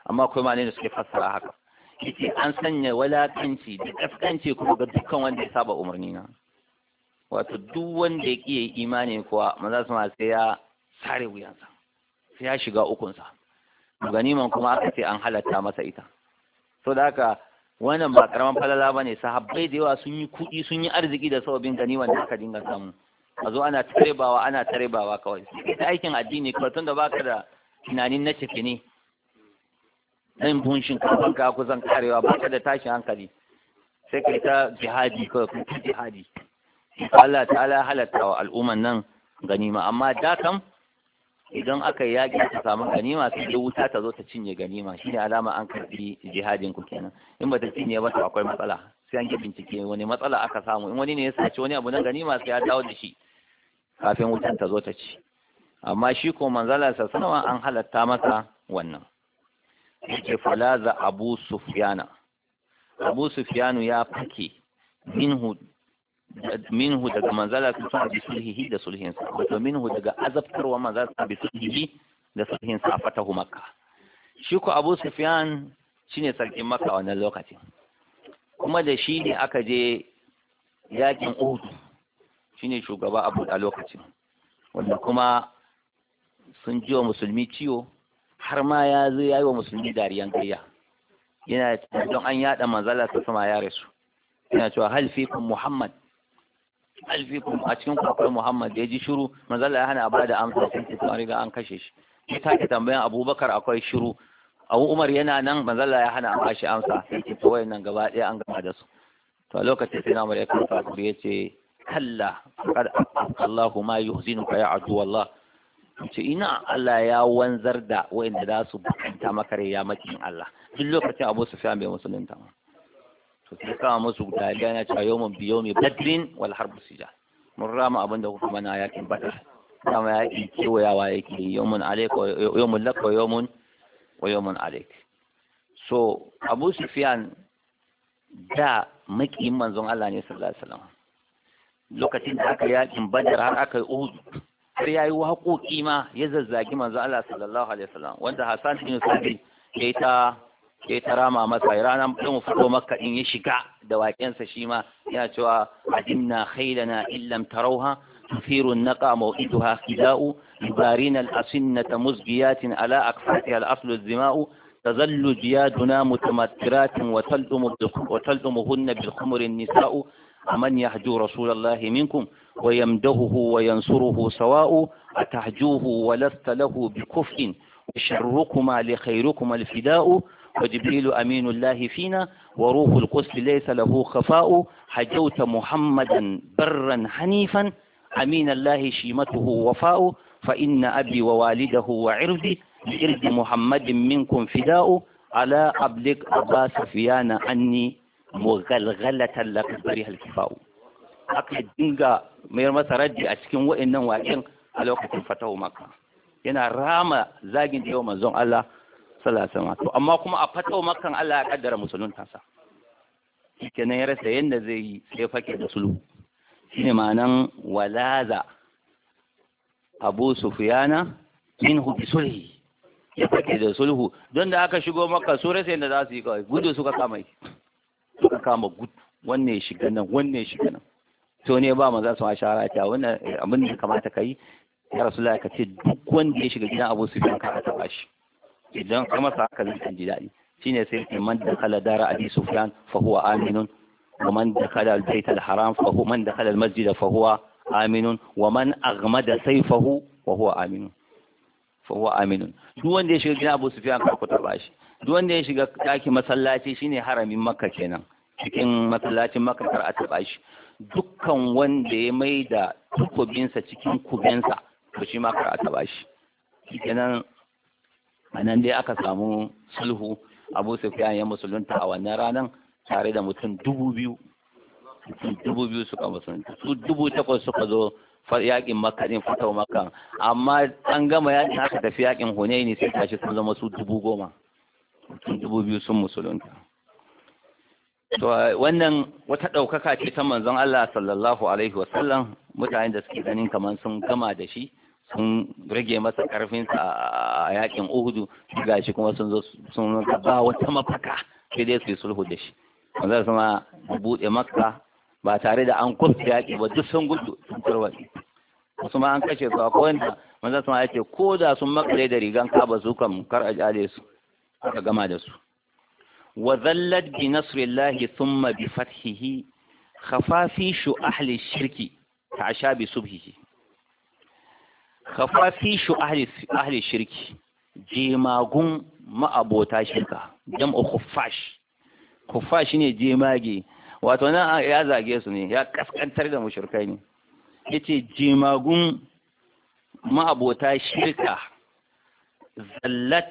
amma akwai malai da suke fassara haka yake an sanya walakanci da ƙasƙanci kuma ga dukkan wanda ya saba umarni na wato duk wanda ya kiyaye imani kuwa maza su ma sai ya sare wuyansa sai ya shiga ukunsa ganiman kuma aka ce an halatta masa ita so da haka wannan ba karaman falala ba ne sahabbai da yawa sun yi kuɗi sun yi arziki da sababin ganiman da aka dinga samu a zo ana tarebawa ana tarebawa kawai sai ta aikin addini kawai tun da baka da tunanin na ciki ne nan bunshin shinkafan ka kusan karewa baka da tashin hankali sai kai ta jihadi kawai kuma ta jihadi Allah ta'ala halatta wa al'umman nan ganima amma da kam idan aka yi yaƙi ta samu ganima sai da wuta ta zo ta cinye ganima shine alama an karbi jihadin ku kenan in ba ta cinye ba to akwai matsala sai an ke bincike wani matsala aka samu in wani ne ya sace wani abu na ganima sai ya dawo da shi kafin wutan ta zo ta ci amma shi ko manzala sa sanawa an halatta masa wannan yake falaza abu sufyana abu sufyanu ya fake minhu minhu daga manzala sa bi sulhihi da sa wato minhu daga azabtarwa manzala sa bi sulhihi da sulhin a fatahu makka shi ko abu sufyan shine sarkin makka wannan lokacin kuma da shi ne aka je yakin uhud shine shugaba abu a lokacin wanda kuma sun ji wa musulmi ciwo har ma ya zo ya yi wa musulmi dariyan gayya yana don an yada manzala ta sama ya rasu yana cewa hal fikum muhammad hal fikum a cikin kwakwar muhammad da ya ji shiru manzala ya hana ba da amsa sun ce tsari riga an kashe shi ya take tambayan abubakar akwai shiru abu umar yana nan manzala ya hana amsa sun ce nan gaba ɗaya an gama da su to a lokacin sai na ya kafa ya ce kalla kad Allahu ma yuhzinuka ya adu Allah ce ina Allah ya wanzar da wa'inda za su bukanta maka ya makin Allah duk lokacin Abu fiya bai musulunta ma to sai kama musu daliya na cewa yawmun biyo mai badrin wal harbu sija mun rama abinda kuka mana yakin badar dama yakin kewayawa yake yawmun mun yawmun yau yawmun wa yawmun alayka so Abu Sufyan da makin manzon Allah ne sallallahu alaihi wasallam lokacin da aka yakin badar har aka yi uhud har yayi haƙoƙi ma ya zazzagi manzo Allah sallallahu alaihi wasallam wanda Hassan bin Sa'di yayi ta ke tarama masa irana dan fito makka din ya shiga da waƙen sa shi ma ya cewa adinna khaylana na tarawha tufiru naqa mawiduha khida'u yubarin al-asinnata muzgiyatin ala aqfatiha al-aslu az-zima'u tazallu ziyaduna mutamattiratin wa taldumu wa taldumuhunna bil khumri an-nisa'u أمن يهجو رسول الله منكم ويمدهه وينصره سواء أتهجوه ولست له بكفء وشركما لخيركما الفداء وجبريل أمين الله فينا وروح القدس ليس له خفاء حجوت محمدا برا حنيفا أمين الله شيمته وفاء فإن أبي ووالده وعرضي لإرض محمد منكم فداء على أبلغ أبا سفيان عني mughallatan laqad bariha al-kifa'u aka dinga mayar masa raddi a cikin wa'annan waƙin a lokacin fatahu maka yana rama zagin da yau manzon Allah sallallahu alaihi wasallam amma kuma a fatahu makka Allah ya kaddara musulunta sa kenan ya rasa yanda zai yi sai fake da sulhu shine ma'anan walaza Abu Sufyana minhu bisulhi ya fake da sulhu don da aka shigo maka su rasa yanda za su yi kawai gudu suka kama yi suka kama gud! wannan ya shiga nan wannan ya shiga nan to ne ba manzo sun ashara ta wannan eh, abin da kamata kai ya rasulullahi ka ce duk wanda ya shiga gidan Abu su ka taba shi idan ka sa haka zai kan ji shine sai ce man dakhala dara Abi Sufyan fa huwa aminun wa man dakhala al-bayt al-haram fa huwa man dakhala al-masjid fa huwa aminun wa man aghmada sayfahu wa huwa aminun fa huwa aminun duk wanda ya shiga gidan Abu Sufyan ka ku taba shi duk wanda ya shiga ɗakin masallaci shine haramin makka kenan cikin masallacin makka kar a taɓa shi dukkan wanda ya mai da tukubinsa cikin kubensa, to shi ma kar a taɓa shi kenan a nan dai aka samu sulhu abu sufyan ya musulunta a wannan ranar tare da mutum dubu biyu mutum dubu biyu suka musulunta su dubu takwas suka zo yakin makka din fatau makka amma an gama yakin haka tafi yakin hunaini sai tashi sun zama su dubu goma dubu biyu sun musulunta to wannan wata ɗaukaka ce ta manzon Allah sallallahu alaihi wasallam mutane da suke ganin kamar sun gama da shi sun rage masa ƙarfinsa a yakin uhudu ga shi kuma sun zo sun ba wata mafaka sai dai su yi sulhu da shi manzon sama buɗe makka ba tare da an kusa yaƙi ba duk sun gudu sun tarwatsi wasu ma an kashe su a akwai wanda manzon sama ya ce ko da sun makale da rigan kaba su kan kar a jale su aka gama da su wa zallat bi nasrillahi thumma bi fathihi shu ahli shirki ta bi subhihi khafafishu shu ahli shirki jemagun ma'abota shirka jam'u khuffash khuffash ne jemage wato nan ya zage su ne ya kaskantar da mushrikai ne yace jemagun ma'abota shirka zallat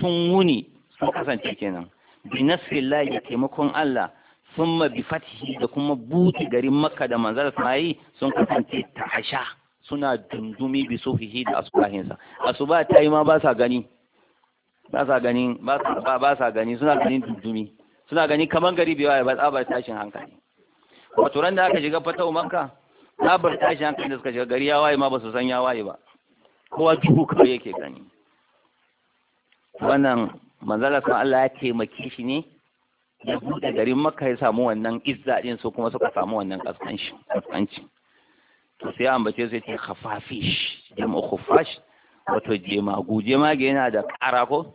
sun wuni sun kasance kenan bi nasrillahi da taimakon Allah ma bi fatihi da kuma buti garin Makka da manzara sai sun kasance hasha suna dundumi bi sufihi da asubahinsa asuba ta yi ma ba sa gani ba sa gani ba sa gani suna gani dundumi suna gani kaman gari biyu waye ba tsabar tashin hankali wato ran da aka shiga fatau Makka tsabar tashin hankali da suka shiga gari ya waye ma ba su san ya waye ba kowa duhu kawai yake gani wannan manzala sun Allah ya taimake shi ne ya buɗe garin Makka ya samu wannan izza din su kuma suka samu wannan ƙasƙanci to sai ambace su yace khafafish jam'u khufash wato jemagu jemage yana da ƙara ko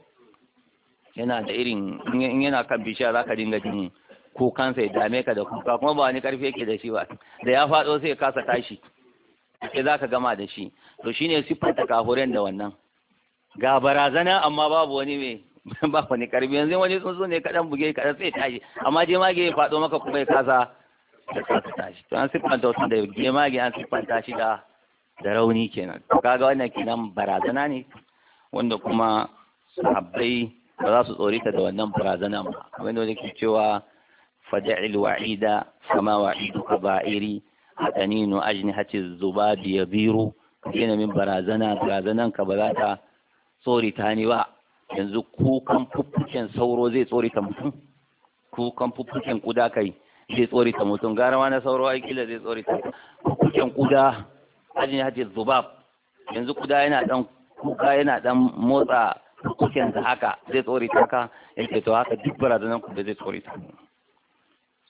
yana da irin in yana kan bishiya za ka dinga jin kukan ya dame ka da kuka kuma ba wani karfi yake da shi ba da ya faɗo sai ya kasa tashi sai ka gama da shi to shine sifar ta kafuren da wannan ga barazana amma babu wani mai ba wani karbi yanzu wani tsuntsu ne kaɗan buge kaɗan sai tashi amma jemage ya faɗo maka kuma ya kasa da kasa tashi to an siffanta wasu da jemage an siffanta shi da da rauni kenan kaga wannan kenan barazana ne wanda kuma sahabbai ba za su tsorita da wannan barazana ba kamar da ke cewa fada'il wa'ida kama wa'iduka ba'iri hataninu ajnihati zubabi yabiru kina min barazana barazanan ka ba za ta tsorita ni ba yanzu kukan fuffuken sauro zai tsorita mutum kukan fuffuken kuda kai zai tsorita mutum gara ma na sauro ai kila zai tsorita fuffuken kuda ajin hati zubab yanzu kuda yana dan kuka yana dan motsa fuffuken ta haka zai tsorita ka yake to haka duk barazanan kuda zai tsorita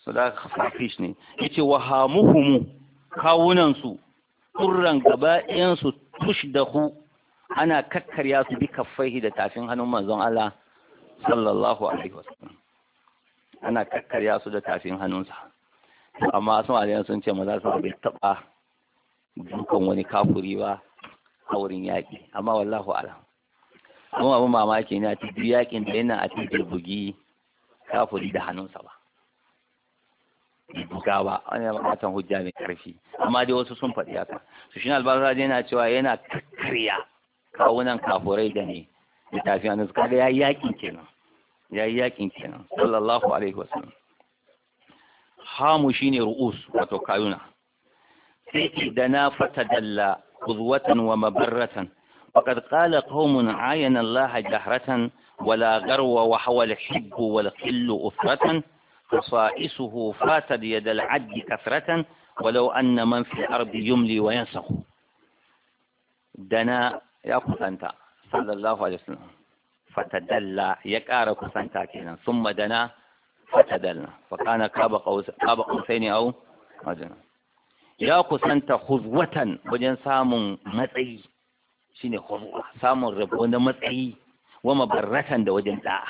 so da khafish ne yace wa hamuhum kawunan su kurran gaba su tushdahu ana kakkarya su bi kaffaihi da tafin hannun manzon Allah sallallahu alaihi wasallam ana kakkarya su da tafin hannunsa amma sun alayan sun ce maza su bai taba dukan wani kafuri ba a wurin yaƙi amma wallahu ala kuma abin mamaki ne a cikin yaƙin da yana a cikin bugi kafuri da hannunsa ba buga ba wani yi buƙatar hujja mai ƙarfi amma dai wasu sun faɗi haka su shi albazar yana cewa yana kakkarya kawunan kafurai da ne da tafi annabi kaga yayi yakin kenan yayi yakin kenan sallallahu alaihi wasallam hamu shine ru'us wato kayuna sai idana fatadalla qudwatan wa mabarratan qala qaumun وقد قال قوم عاين garwa wa hawala غرو وحوى الحب والقل أثرة خصائصه فاتت يد العد كثرة ولو أن من في الأرض يملي وينسخ دنا ya kusanta sallallahu alaihi wasallam fatadalla ya ƙara kusanta kenan sun madana fatadalla fa kana kaba kaba qausaini au madana ya kusanta khuzwatan wajen samun matsayi shine khuzwa samun rabo na matsayi wa mabarratan da wajen da'a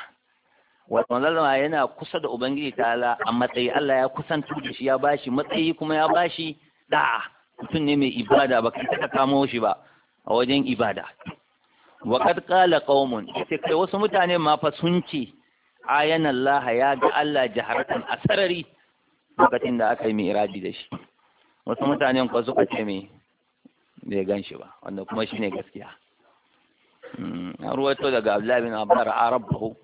wa sallallahu yana kusa da ubangiji ta'ala a matsayi Allah ya kusanta da shi ya bashi matsayi kuma ya bashi da'a mutum ne mai ibada ba kai ka kamo shi ba a wajen ibada wa ƙala ƙaumun, qaumun sai wasu mutane ma fa sun ce ayan Allah ya ga Allah jaharatan sarari lokacin da aka yi iradi da shi wasu mutanen ko suka ce mai bai gan shi ba wanda kuma shi ne gaskiya hmm, an ruwaito daga Abdullahi bin Abbar Arabahu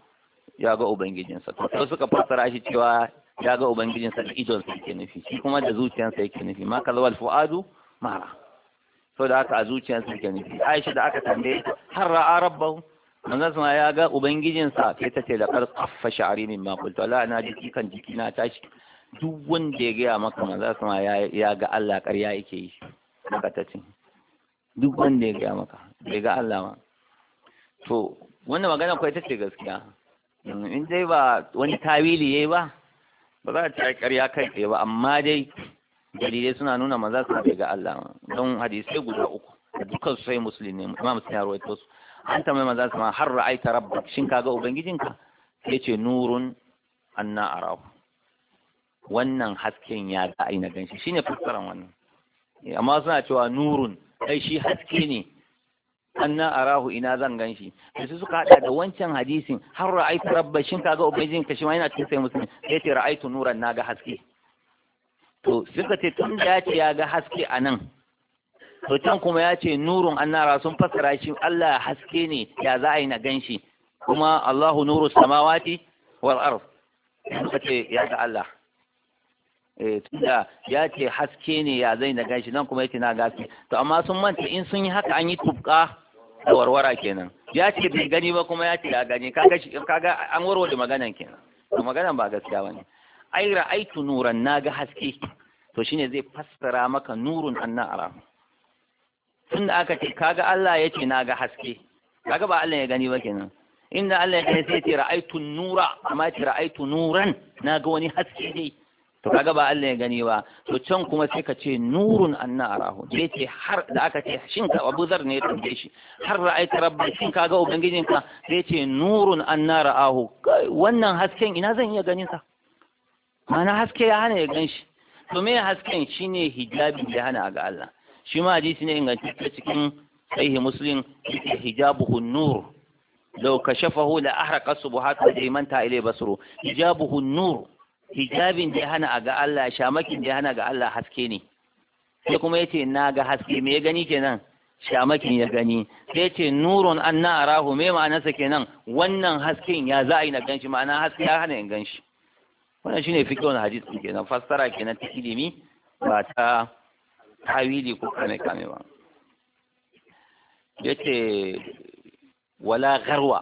ya ga ubangijinsa to suka fassara shi cewa ya ga ubangijinsa da idon sai yake nufi shi kuma da zuciyarsa yake nufi ma kazawal fuadu mara so da aka a zuciyarsa yake nufi Aisha da aka tambaye ta har ra'a rabbahu manzon suna ya ga ubangijinsa ke ta ce da kar qaffa sha'ri min ma qultu la na jiki kan jiki na tashi duk wanda ya gaya maka manzon sama ya ya ga Allah ƙarya yake yi maka ta ce duk wanda ya gaya maka bai ga Allah ma to wannan magana kuwa ita ce gaskiya in dai ba wani tawili ya yi ba ba za a ce ƙarya kai ba amma dai dalilai suna nuna maza su daga ga Allah don hadisai guda uku dukkan sai musulmi ne imam sai yaro ito su an tambaye maza su ma har ra'aita rabbak shin kaga ubangijinka sai ce nurun anna arahu wannan hasken ya ga aina ganshi shine fassara wannan amma suna cewa nurun kai shi haske ne anna arahu ina zan ganshi sai suka hada da wancan hadisin har ra'aita rabbak shin kaga ubangijinka shi ma yana cikin sai musulmi sai ce ra'aitu nuran naga haske to suka ce tun da ya ce ya ga haske a nan to can kuma ya ce nurun annara sun fassara shi Allah haske ne ya za a yi na gan shi kuma Allahu nuru samawati wal ard suka ce ya ga Allah eh tunda ya ce haske ne ya zai na gan shi nan kuma yake na gaske to amma sun manta in sun yi haka an yi tubka da warwara kenan ya ce bai gani ba kuma ya ce ya gani kaga kaga an warware maganan kenan to maganan ba gaskiya bane ai ra'aitu nuran naga haske to shine zai fassara maka nurun anna ara tunda aka ce kaga Allah yace naga haske kaga ba Allah ya gani ba kenan inda Allah ya ce sai ce ra'aitu nura amma ce ra'aitu nuran naga wani haske dai. to kaga ba Allah ya gani ba to can kuma sai ka ce nurun anna arahu sai ce har da aka ce shin ka Abu Zar ne ya tambaye shi har ra'aita rabbi shin kaga ubangijinka sai ce nurun anna kai wannan hasken ina zan iya ganin sa mana haske ya hana ya gan shi to me hasken shine hijabi da hana ga Allah shi ma hadisi ne ingantacce cikin sahihi muslim hijabuhu nur law kashafahu la ahraqa subuhat wa ta ilay basru hijabuhu nur hijabin da hana ga Allah shamakin da hana ga Allah haske ne sai kuma yace na ga haske me ya gani kenan shamakin ya gani sai ce nurun an na arahu me ma'anarsa kenan wannan hasken ya za a yi na ganshi ma'ana haske ya hana in ganshi wannan shine fiqhun hadisi kenan fassara kenan ta ilimi ba ta tawili ko kame kame ba yace wala garwa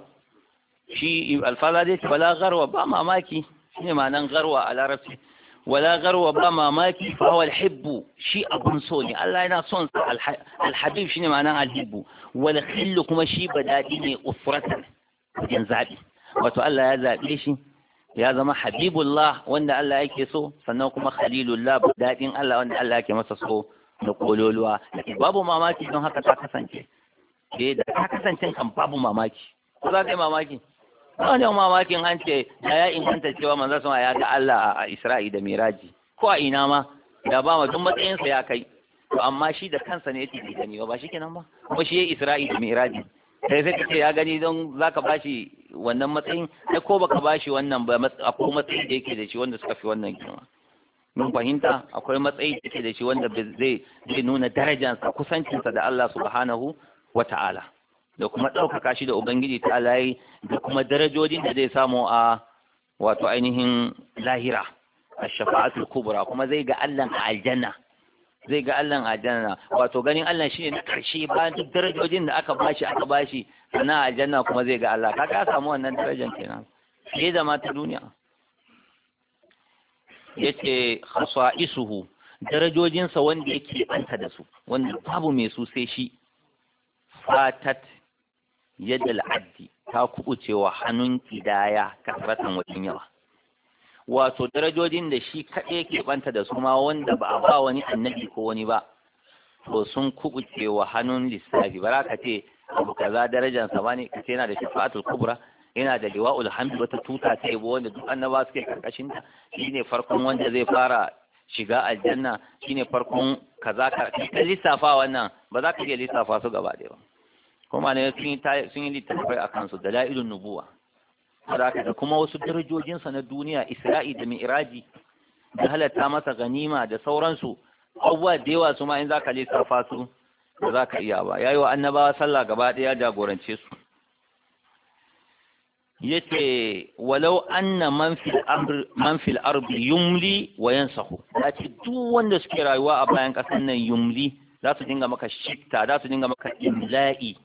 shi alfaza dai wala garwa ba mamaki shine ma'anan garwa a larabci wala garwa ba mamaki fa huwa alhibbu shi abun so ne Allah yana son sa alhabib shine ma'anan alhibbu wal khillu kuma shi badadi ne ufratan wajen zabi wato Allah ya zabe shi ya zama habibullah wanda Allah yake so sannan kuma khalilullah daɗin Allah wanda Allah yake masa so da kololuwa babu mamaki don haka ta kasance eh da ta kasance kan babu mamaki ko za ka yi mamaki ba ne mamakin an ce da ya inganta cewa manzo sun ya ga Allah a Isra'i da Miraji ko a ina ma da ba ma duk matsayin sa ya kai to amma shi da kansa ne yake gani ba shi kenan ba kuma shi ya Isra'i da Miraji sai sai ka ce ya gani don za ka bashi wannan matsayin sai ko baka bashi wannan ba akwai matsayi da yake da shi wanda suka fi wannan girma mun fahimta akwai matsayi da yake da shi wanda zai zai nuna darajansa kusancinsa da Allah subhanahu wa ta'ala da kuma ɗaukaka shi da ubangiji ta alayi da kuma darajojin da zai samu a wato ainihin lahira a shafa'atul kubra kuma zai ga Allah a aljanna zai ga Allah a janna wato ganin Allah shine na karshe bayan duk darajojin da aka bashi aka bashi na a janna kuma zai ga Allah kaga samu wannan darajar kenan sai zama ta duniya yace khasa'isuhu darajojinsa wanda yake ɗanta da su wanda babu mai su sai shi fatat yadda la'addi ta kubucewa hannun kidaya kasratan wajen yawa wato darajojin da shi kaɗai ke banta da su ma wanda ba a ba wani annabi ko wani ba to sun kubuce wa hannun lissafi ba za ka ce abu kaza darajar sa bane ka ce yana da shafa'atul kubra yana da liwa'ul hamd wata tuta ta yabo wanda duk annaba suke karkashin ta shine farkon wanda zai fara shiga aljanna shine farkon kaza ka lissafa wannan ba za ka iya lissafa su gaba ɗaya ba kuma ne sun yi littattafai a kansu da la'ilun nubuwa sadaka da kuma wasu darajojinsa na duniya isra'i da mi'raji da halatta masa ganima da sauransu abubuwa da yawa su ma in zaka lissafa su ba za ka iya ba yayi wa annabawa sallah gaba ɗaya jagorance su yace walau anna man fil amr man fil ardi yumli wa yansahu duk wanda suke rayuwa a bayan kasan nan yumli za su dinga maka shikta, za su dinga maka imla'i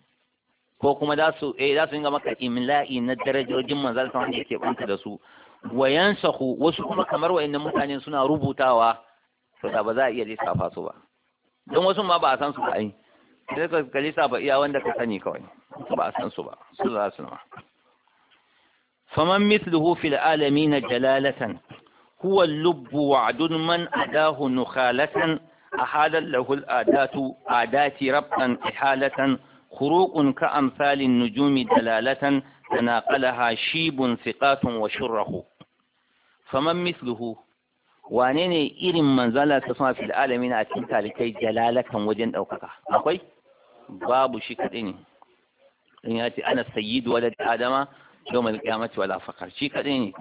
ko kuma za su eh za su dinga maka imla'i na darajojin manzon sama da yake banta da su Wayan yansahu wasu kuma kamar wayannan mutane suna rubutawa to da ba za a iya lissafa su ba don wasu ma ba a san su ba ai sai ka ka lissafa iya wanda ka sani kawai ba a san su ba su za su ma faman mithluhu fil alamin jalalatan huwa al-lubb wa'dun man adahu nukhalatan ahadan lahu al-adatu adati rabban ihalatan khuruqun ka amsalin nujumi dalalatan tanaqalaha shibun thiqatun wa shurrahu faman mithluhu wane ne irin manzala ta sama fil alamin a cikin talikai jalalatan wajen daukaka akwai babu shi kadai ne in ya ce ana sayyidu walad adama yawmal qiyamati wala faqar shi kadai ne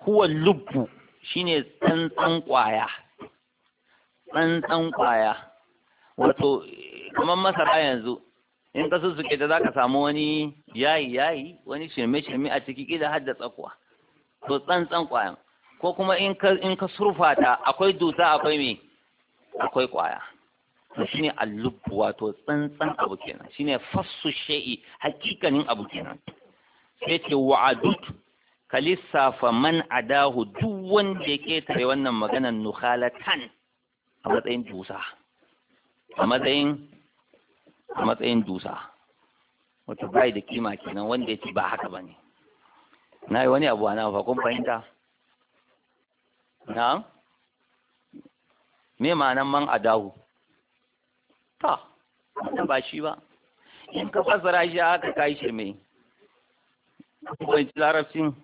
huwa lubbu shine tsantsan kwaya wato masara yanzu in ka suke ta za ka samu wani yayi yayi wani shirme shirme a ciki kila har da tsakuwa to tsantsan kwaya ko kuma in ka in ka surfa ta akwai dusa akwai me akwai kwaya to shine allubu wato tsantsan abu kenan shine fassu shay'i hakikanin abu kenan sai ce wa'adut ka lissafa man adahu duk wanda ya tare wannan maganar nukhalatan a matsayin dusa a matsayin a matsayin dusa wato bai da kima kenan wanda ya ci ba haka ba ne na yi wani abu a nan kun fahimta na me ma'anan man adahu ta wannan ba shi ba in ka fasara shi haka ka shi shi mai kwanci larabcin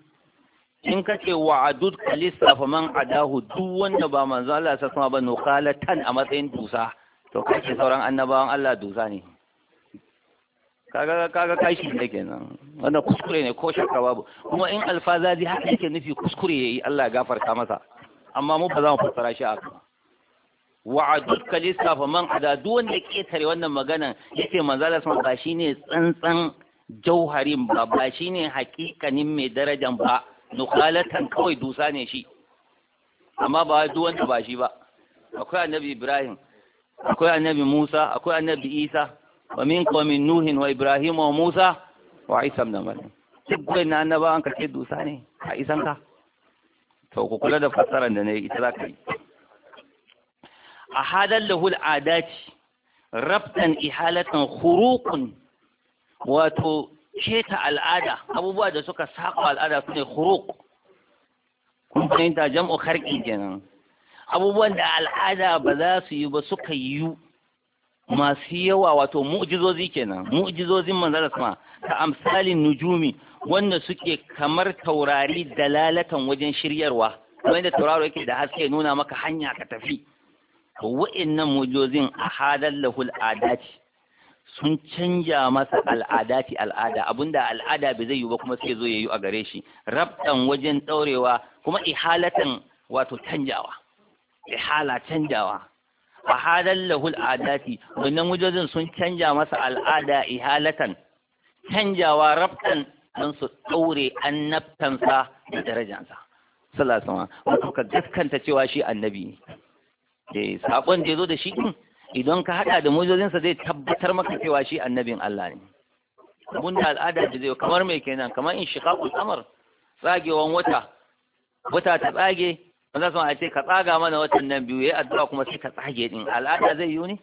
in ka ce wa adud ka fa man adahu duk wanda ba manzo Allah ya sa ba tan a matsayin dusa to kai sauran annabawan Allah dusa ne kaga kaga kashi ne kenan wannan kuskure ne ko shakka babu kuma in alfazazi haka yake nufi kuskure yayi Allah ya gafarta masa amma mu ba za mu fassara shi a kan wa'adud ka fa man ada duk wanda tare wannan magana yake manzala Allah sun ba shine tsantsan jauharin ba ba shine hakikanin mai darajan ba nukalatan kawai dusa ne shi amma ba duk wanda ba shi ba akwai annabi Ibrahim akwai annabi Musa akwai annabi Isa wa min qaumin nuhin wa ibrahim wa musa wa isa ibn maryam duk wannan annaba an kace dusa ne a isan ka to ku kula da fassarar da ne ita za ka yi ahadan lahu al'adati rabtan ihalatan khuruqun wato keta al'ada abubuwa da suka saka al'ada sune khuruq kun fahimta kenan abubuwan da al'ada ba za su yi ba suka yiwu masu yawa wato mu'jizozi kenan mu'jizozin manzara sama ta amsalin nujumi wanda suke kamar taurari da dalalatan wajen shiryarwa wanda tauraro yake da haske nuna maka hanya ka tafi wa'annan mu'jizozin a hadar lahul adati sun canja masa al'adati al'ada abinda al'ada bai zai yi ba kuma sai zo yayi a gare shi rabtan wajen daurewa kuma ihalatan wato canjawa ihala canjawa wa halal lahul adati wannan wujojin sun canja masa al'ada ihalatan canjawa rabtan don su ɗaure annabtansa da darajansa sallallahu alaihi wasallam ka gaskanta cewa shi annabi ne eh sakon da zo da shi idan ka hada da mujizinsa zai tabbatar maka cewa shi annabin Allah ne abun da al'ada da zai kamar mai kenan kamar in shiqaqul amr tsagewan wata wata ta tsage wannan sun ake ce ka tsaga mana watan nan biyu yayi addu'a kuma sai ka tsage din al'ada zai yi ne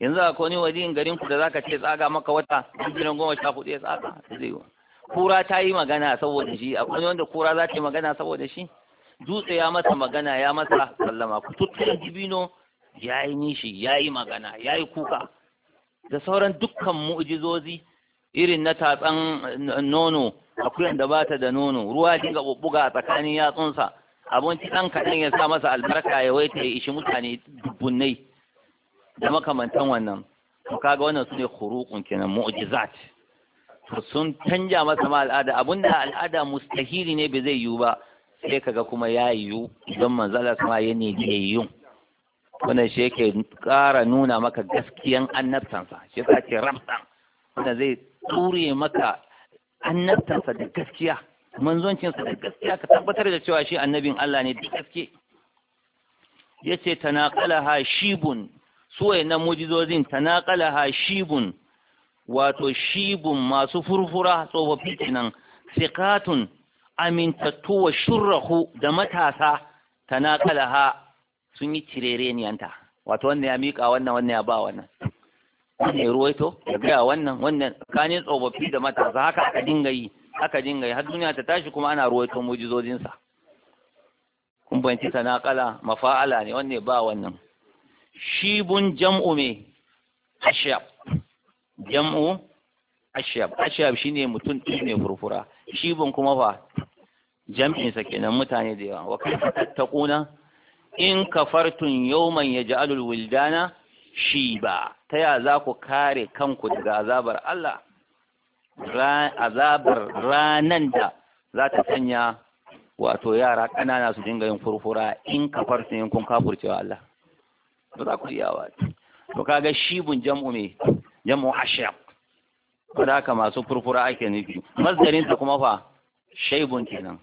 yanzu a koni wajen garin ku da zaka ce tsaga maka wata bijiran goma sha hudu ya tsaga zai yi kura ta yi magana saboda shi A koni wanda kura za ta yi magana saboda shi dutse ya masa magana ya masa sallama ku tuttura dibino ya yi nishi ya magana ya yi kuka da sauran dukkan mu'jizozi irin na tatsan nono akuyan da bata da nono ruwa dinga bubbuga a tsakanin yatsunsa abinci ɗan kaɗan ya sa masa albarka ya waita ya ishi mutane dubbunai da makamantan wannan to kaga wannan su ne khuruqun kenan mu'jizat to sun canja masa ma al'ada abinda al'ada mustahili ne bai zai yiwu ba sai kaga kuma ya yiwu don manzala kuma ya ne ya yiwu wannan shi yake ƙara nuna maka gaskiyan annabtansa shi yasa ke ramsan wannan zai ture maka annabtansa da gaskiya manzoncinsa da gaskiya ka tabbatar da cewa shi annabin Allah ne da gaske yace tanaqalaha shibun su wayannan mujizozin tanaqalaha shibun wato shibun masu furfura tsofaffi kenan siqatun amintattu wa shurrahu da matasa tanaqalaha sun yi cirereniyanta wato wannan ya mika wannan wannan ya ba wannan wannan ruwaito ya gaya wannan wannan kanin tsofaffi da matasa haka aka dinga yi aka dinga har duniya ta tashi kuma ana ruwaito mujizojinsa kun ta tanakala mafa'ala ne wanne ba wannan shibun jam'u me ashyab jam'u ashyab ashyab shine mutum ɗin ne furfura shibun kuma fa jam'insa kenan mutane da yawa wa ta tattaquna in kafartun yawman yaj'alul wildana shiba ta ya za ku kare kanku daga azabar Allah azabar ranan da za ta sanya wato yara ƙanana su dinga yin furfura in kafar su yin kun wa Allah ba za ku iya to kaga shibun jam'u ne jam'u ba da haka masu furfura ake nufi masdarin ta kuma fa shaibun kenan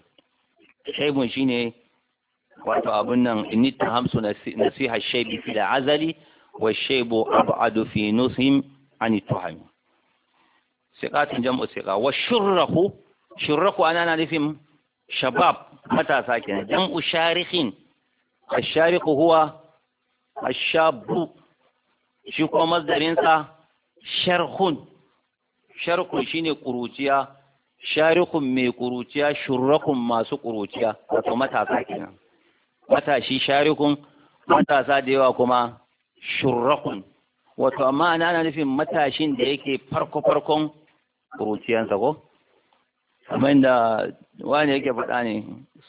shaibun shine wato abun nan inni tahamsu nasiha shaibi fi da azali wa shaibu abu adufi nusim an tuhami siqatun jam'u siqa wa shurrahu shurrahu ana na nufin shabab matasa kenan jam'u sharikhin ash-shariqu huwa ash-shabu shi kuma mazdarin sa sharhun sharhun shine kuruciya sharikhun mai kuruciya shurrakun masu kuruciya wato matasa kenan matashi sharikhun matasa da yawa kuma shurrakun wato amma ana nufin matashin da yake farko farkon kuruciyansa ko kamar inda wani yake faɗa ne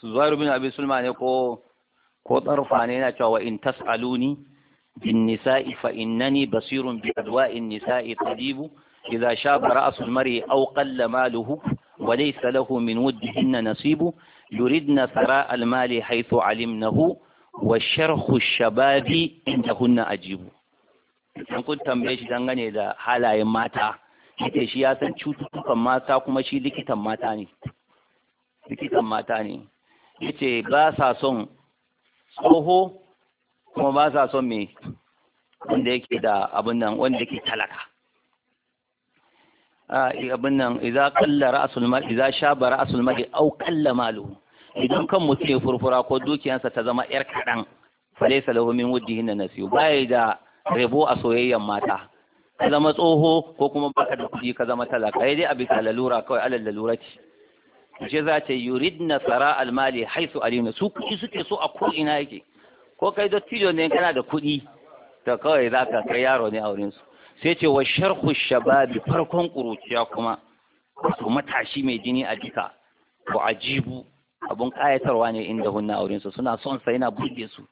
su zuwa rubin abin sulma ne ko ko tsarfa ne yana cewa in tas'aluni bin nisa'i fa innani basirun bi adwa'in nisa'i tabibu idza shaba ra'su mari aw qalla maluhu wa laysa lahu min nasibu yuridna thara al-mali haythu alimnahu wa sharhu ash-shababi indahunna ajibu an kun tambaye shi dangane da halayen mata yake shi ya san cututtukan mata kuma shi likitan mata ne likitan mata ne ce ba sa son tsoho kuma ba sa son me wanda yake da abin nan wanda yake talaka abin nan iza qalla ra'sul mar'i idza shaba ra'sul mar'i au kalla malu idan kan mutum ya furfura ko dukiyarsa ta zama yar kaɗan falaisa lahu min wujhihin nasiyu baya da rebo a soyayyen mata ka zama tsoho ko kuma baka da kuɗi ka zama talaka sai dai a bisa lalura kawai alal lalura ce je za ta yuridna tsara almali haisu alina su kuɗi suke so a kuɗi na yake ko kai dottijo ne kana da kuɗi to kawai za ka kai yaro ne a wurin su sai ce wa sharhu shababi farkon ƙuruciya kuma wato matashi mai jini a jika ko ajibu abun ƙayatarwa ne inda hunna a wurin su suna son sa yana burge su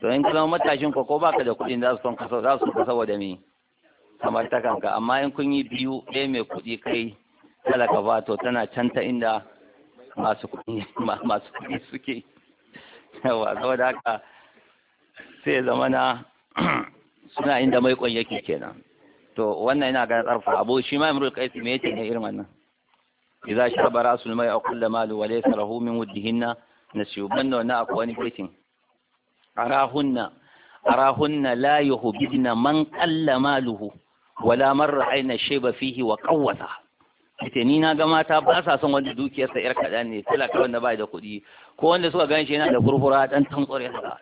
to in ka zama matashin ko ko baka da kuɗin za su son ka saboda me kanka amma in kun yi biyu ɗaya mai kuɗi kai talaka ba to tana can ta inda masu kuɗi masu kuɗi suke yawa da haka sai zama na suna inda mai kwan yake kenan to wannan yana ganin tsarfa abu shi ma imrul qais me yake ne irin wannan idza shaba rasul mai da malu wa laysa lahu min wudhihinna nasubanna na akwani baitin arahunna arahunna la yuhibna man qalla maluhu wala marra aina sheba fihi wa qawwata ita ni na ga mata ba sa son wanda dukiyarsa yar kaɗan ne talaka wanda bai da kuɗi ko wanda suka gane shi yana da kurkura ɗan tantsore haka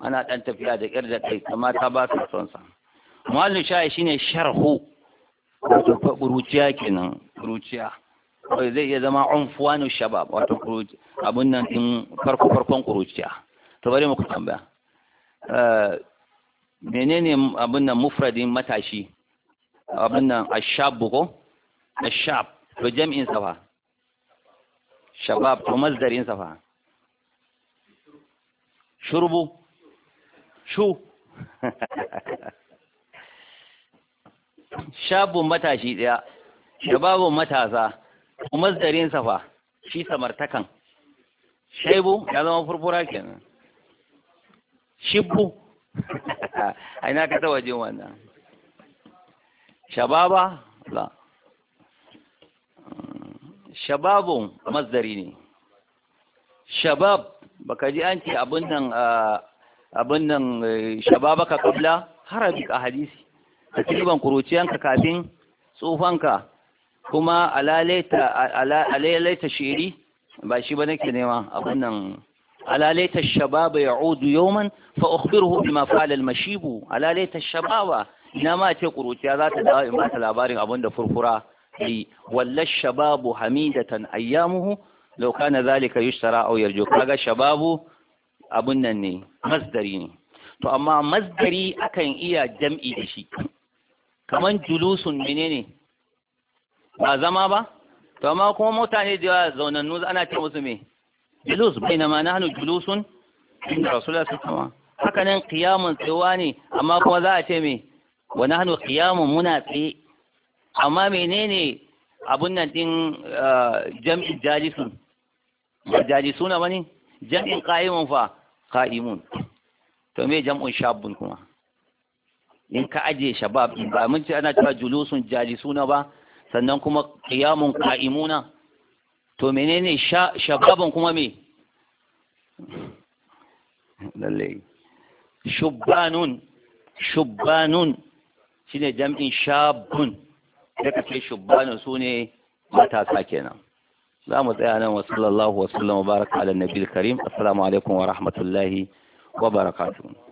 ana ɗan tafiya da ƙyar da kai mata ba sa son sa muhallin shi shine sharhu wato kuruciya kenan kuruciya Wai zai iya zama unfuwanu shabab wato abun nan din farko farkon kuruciya to bari mu ku tambaya eh, menene abun nan mufradin matashi abin nan a ashab ko shab to jami'in safa shabab to mazdarin safa shurbu shu shabun matashi daya shababun matasa mazdarin safa shi samartakan shaibu ya zama furfura kenan shibbu aina ka taba wannan shababa la shababun mazdari ne shabab baka ji an ce abin nan abin nan e, shababaka kabla harabi a hadisi ka tilban kuruciyanka kafin tsufanka kuma alalaita shiri ba shi ba nake nema abin nan alalaita shababa ya'udu yawman fa ukhbiruhu bima fa'ala al-mashibu alalaita shababa ina ma ce ƙuruciya za ta dawo in ba ta labarin abin da furfura yi walla shababu hamidatan ayyamuhu law kana zalika yushtara aw yarju kaga shababu abun nan ne masdari ne to amma masdari akan iya jam'i da shi kaman julusun menene ba zama ba to amma kuma mutane da zaunannu ana ce musu me julus bainama nahnu julusun inda rasulullahi sallallahu alaihi wasallam haka nan qiyamun tsawa ne amma kuma za a ce me wa nahnu qiyamun muna tsaye amma menene abun nan din eh, jam'in jalisun ba jalisuna bane jam'in qa'imun fa qa'imun to me jam'un shabun kuma in ka aje shabab ba mun ce ana cewa julusun jalisuna ba sannan kuma qiyamun qa'imuna to menene shababun kuma me lalle shubbanun shubbanun ne jam'in shabun daga ce shubbanu sune matasa kenan za mu tsaya nan wasu sallallahu wasu sallam wa baraka ala karim assalamu alaikum wa rahmatullahi wa barakatuh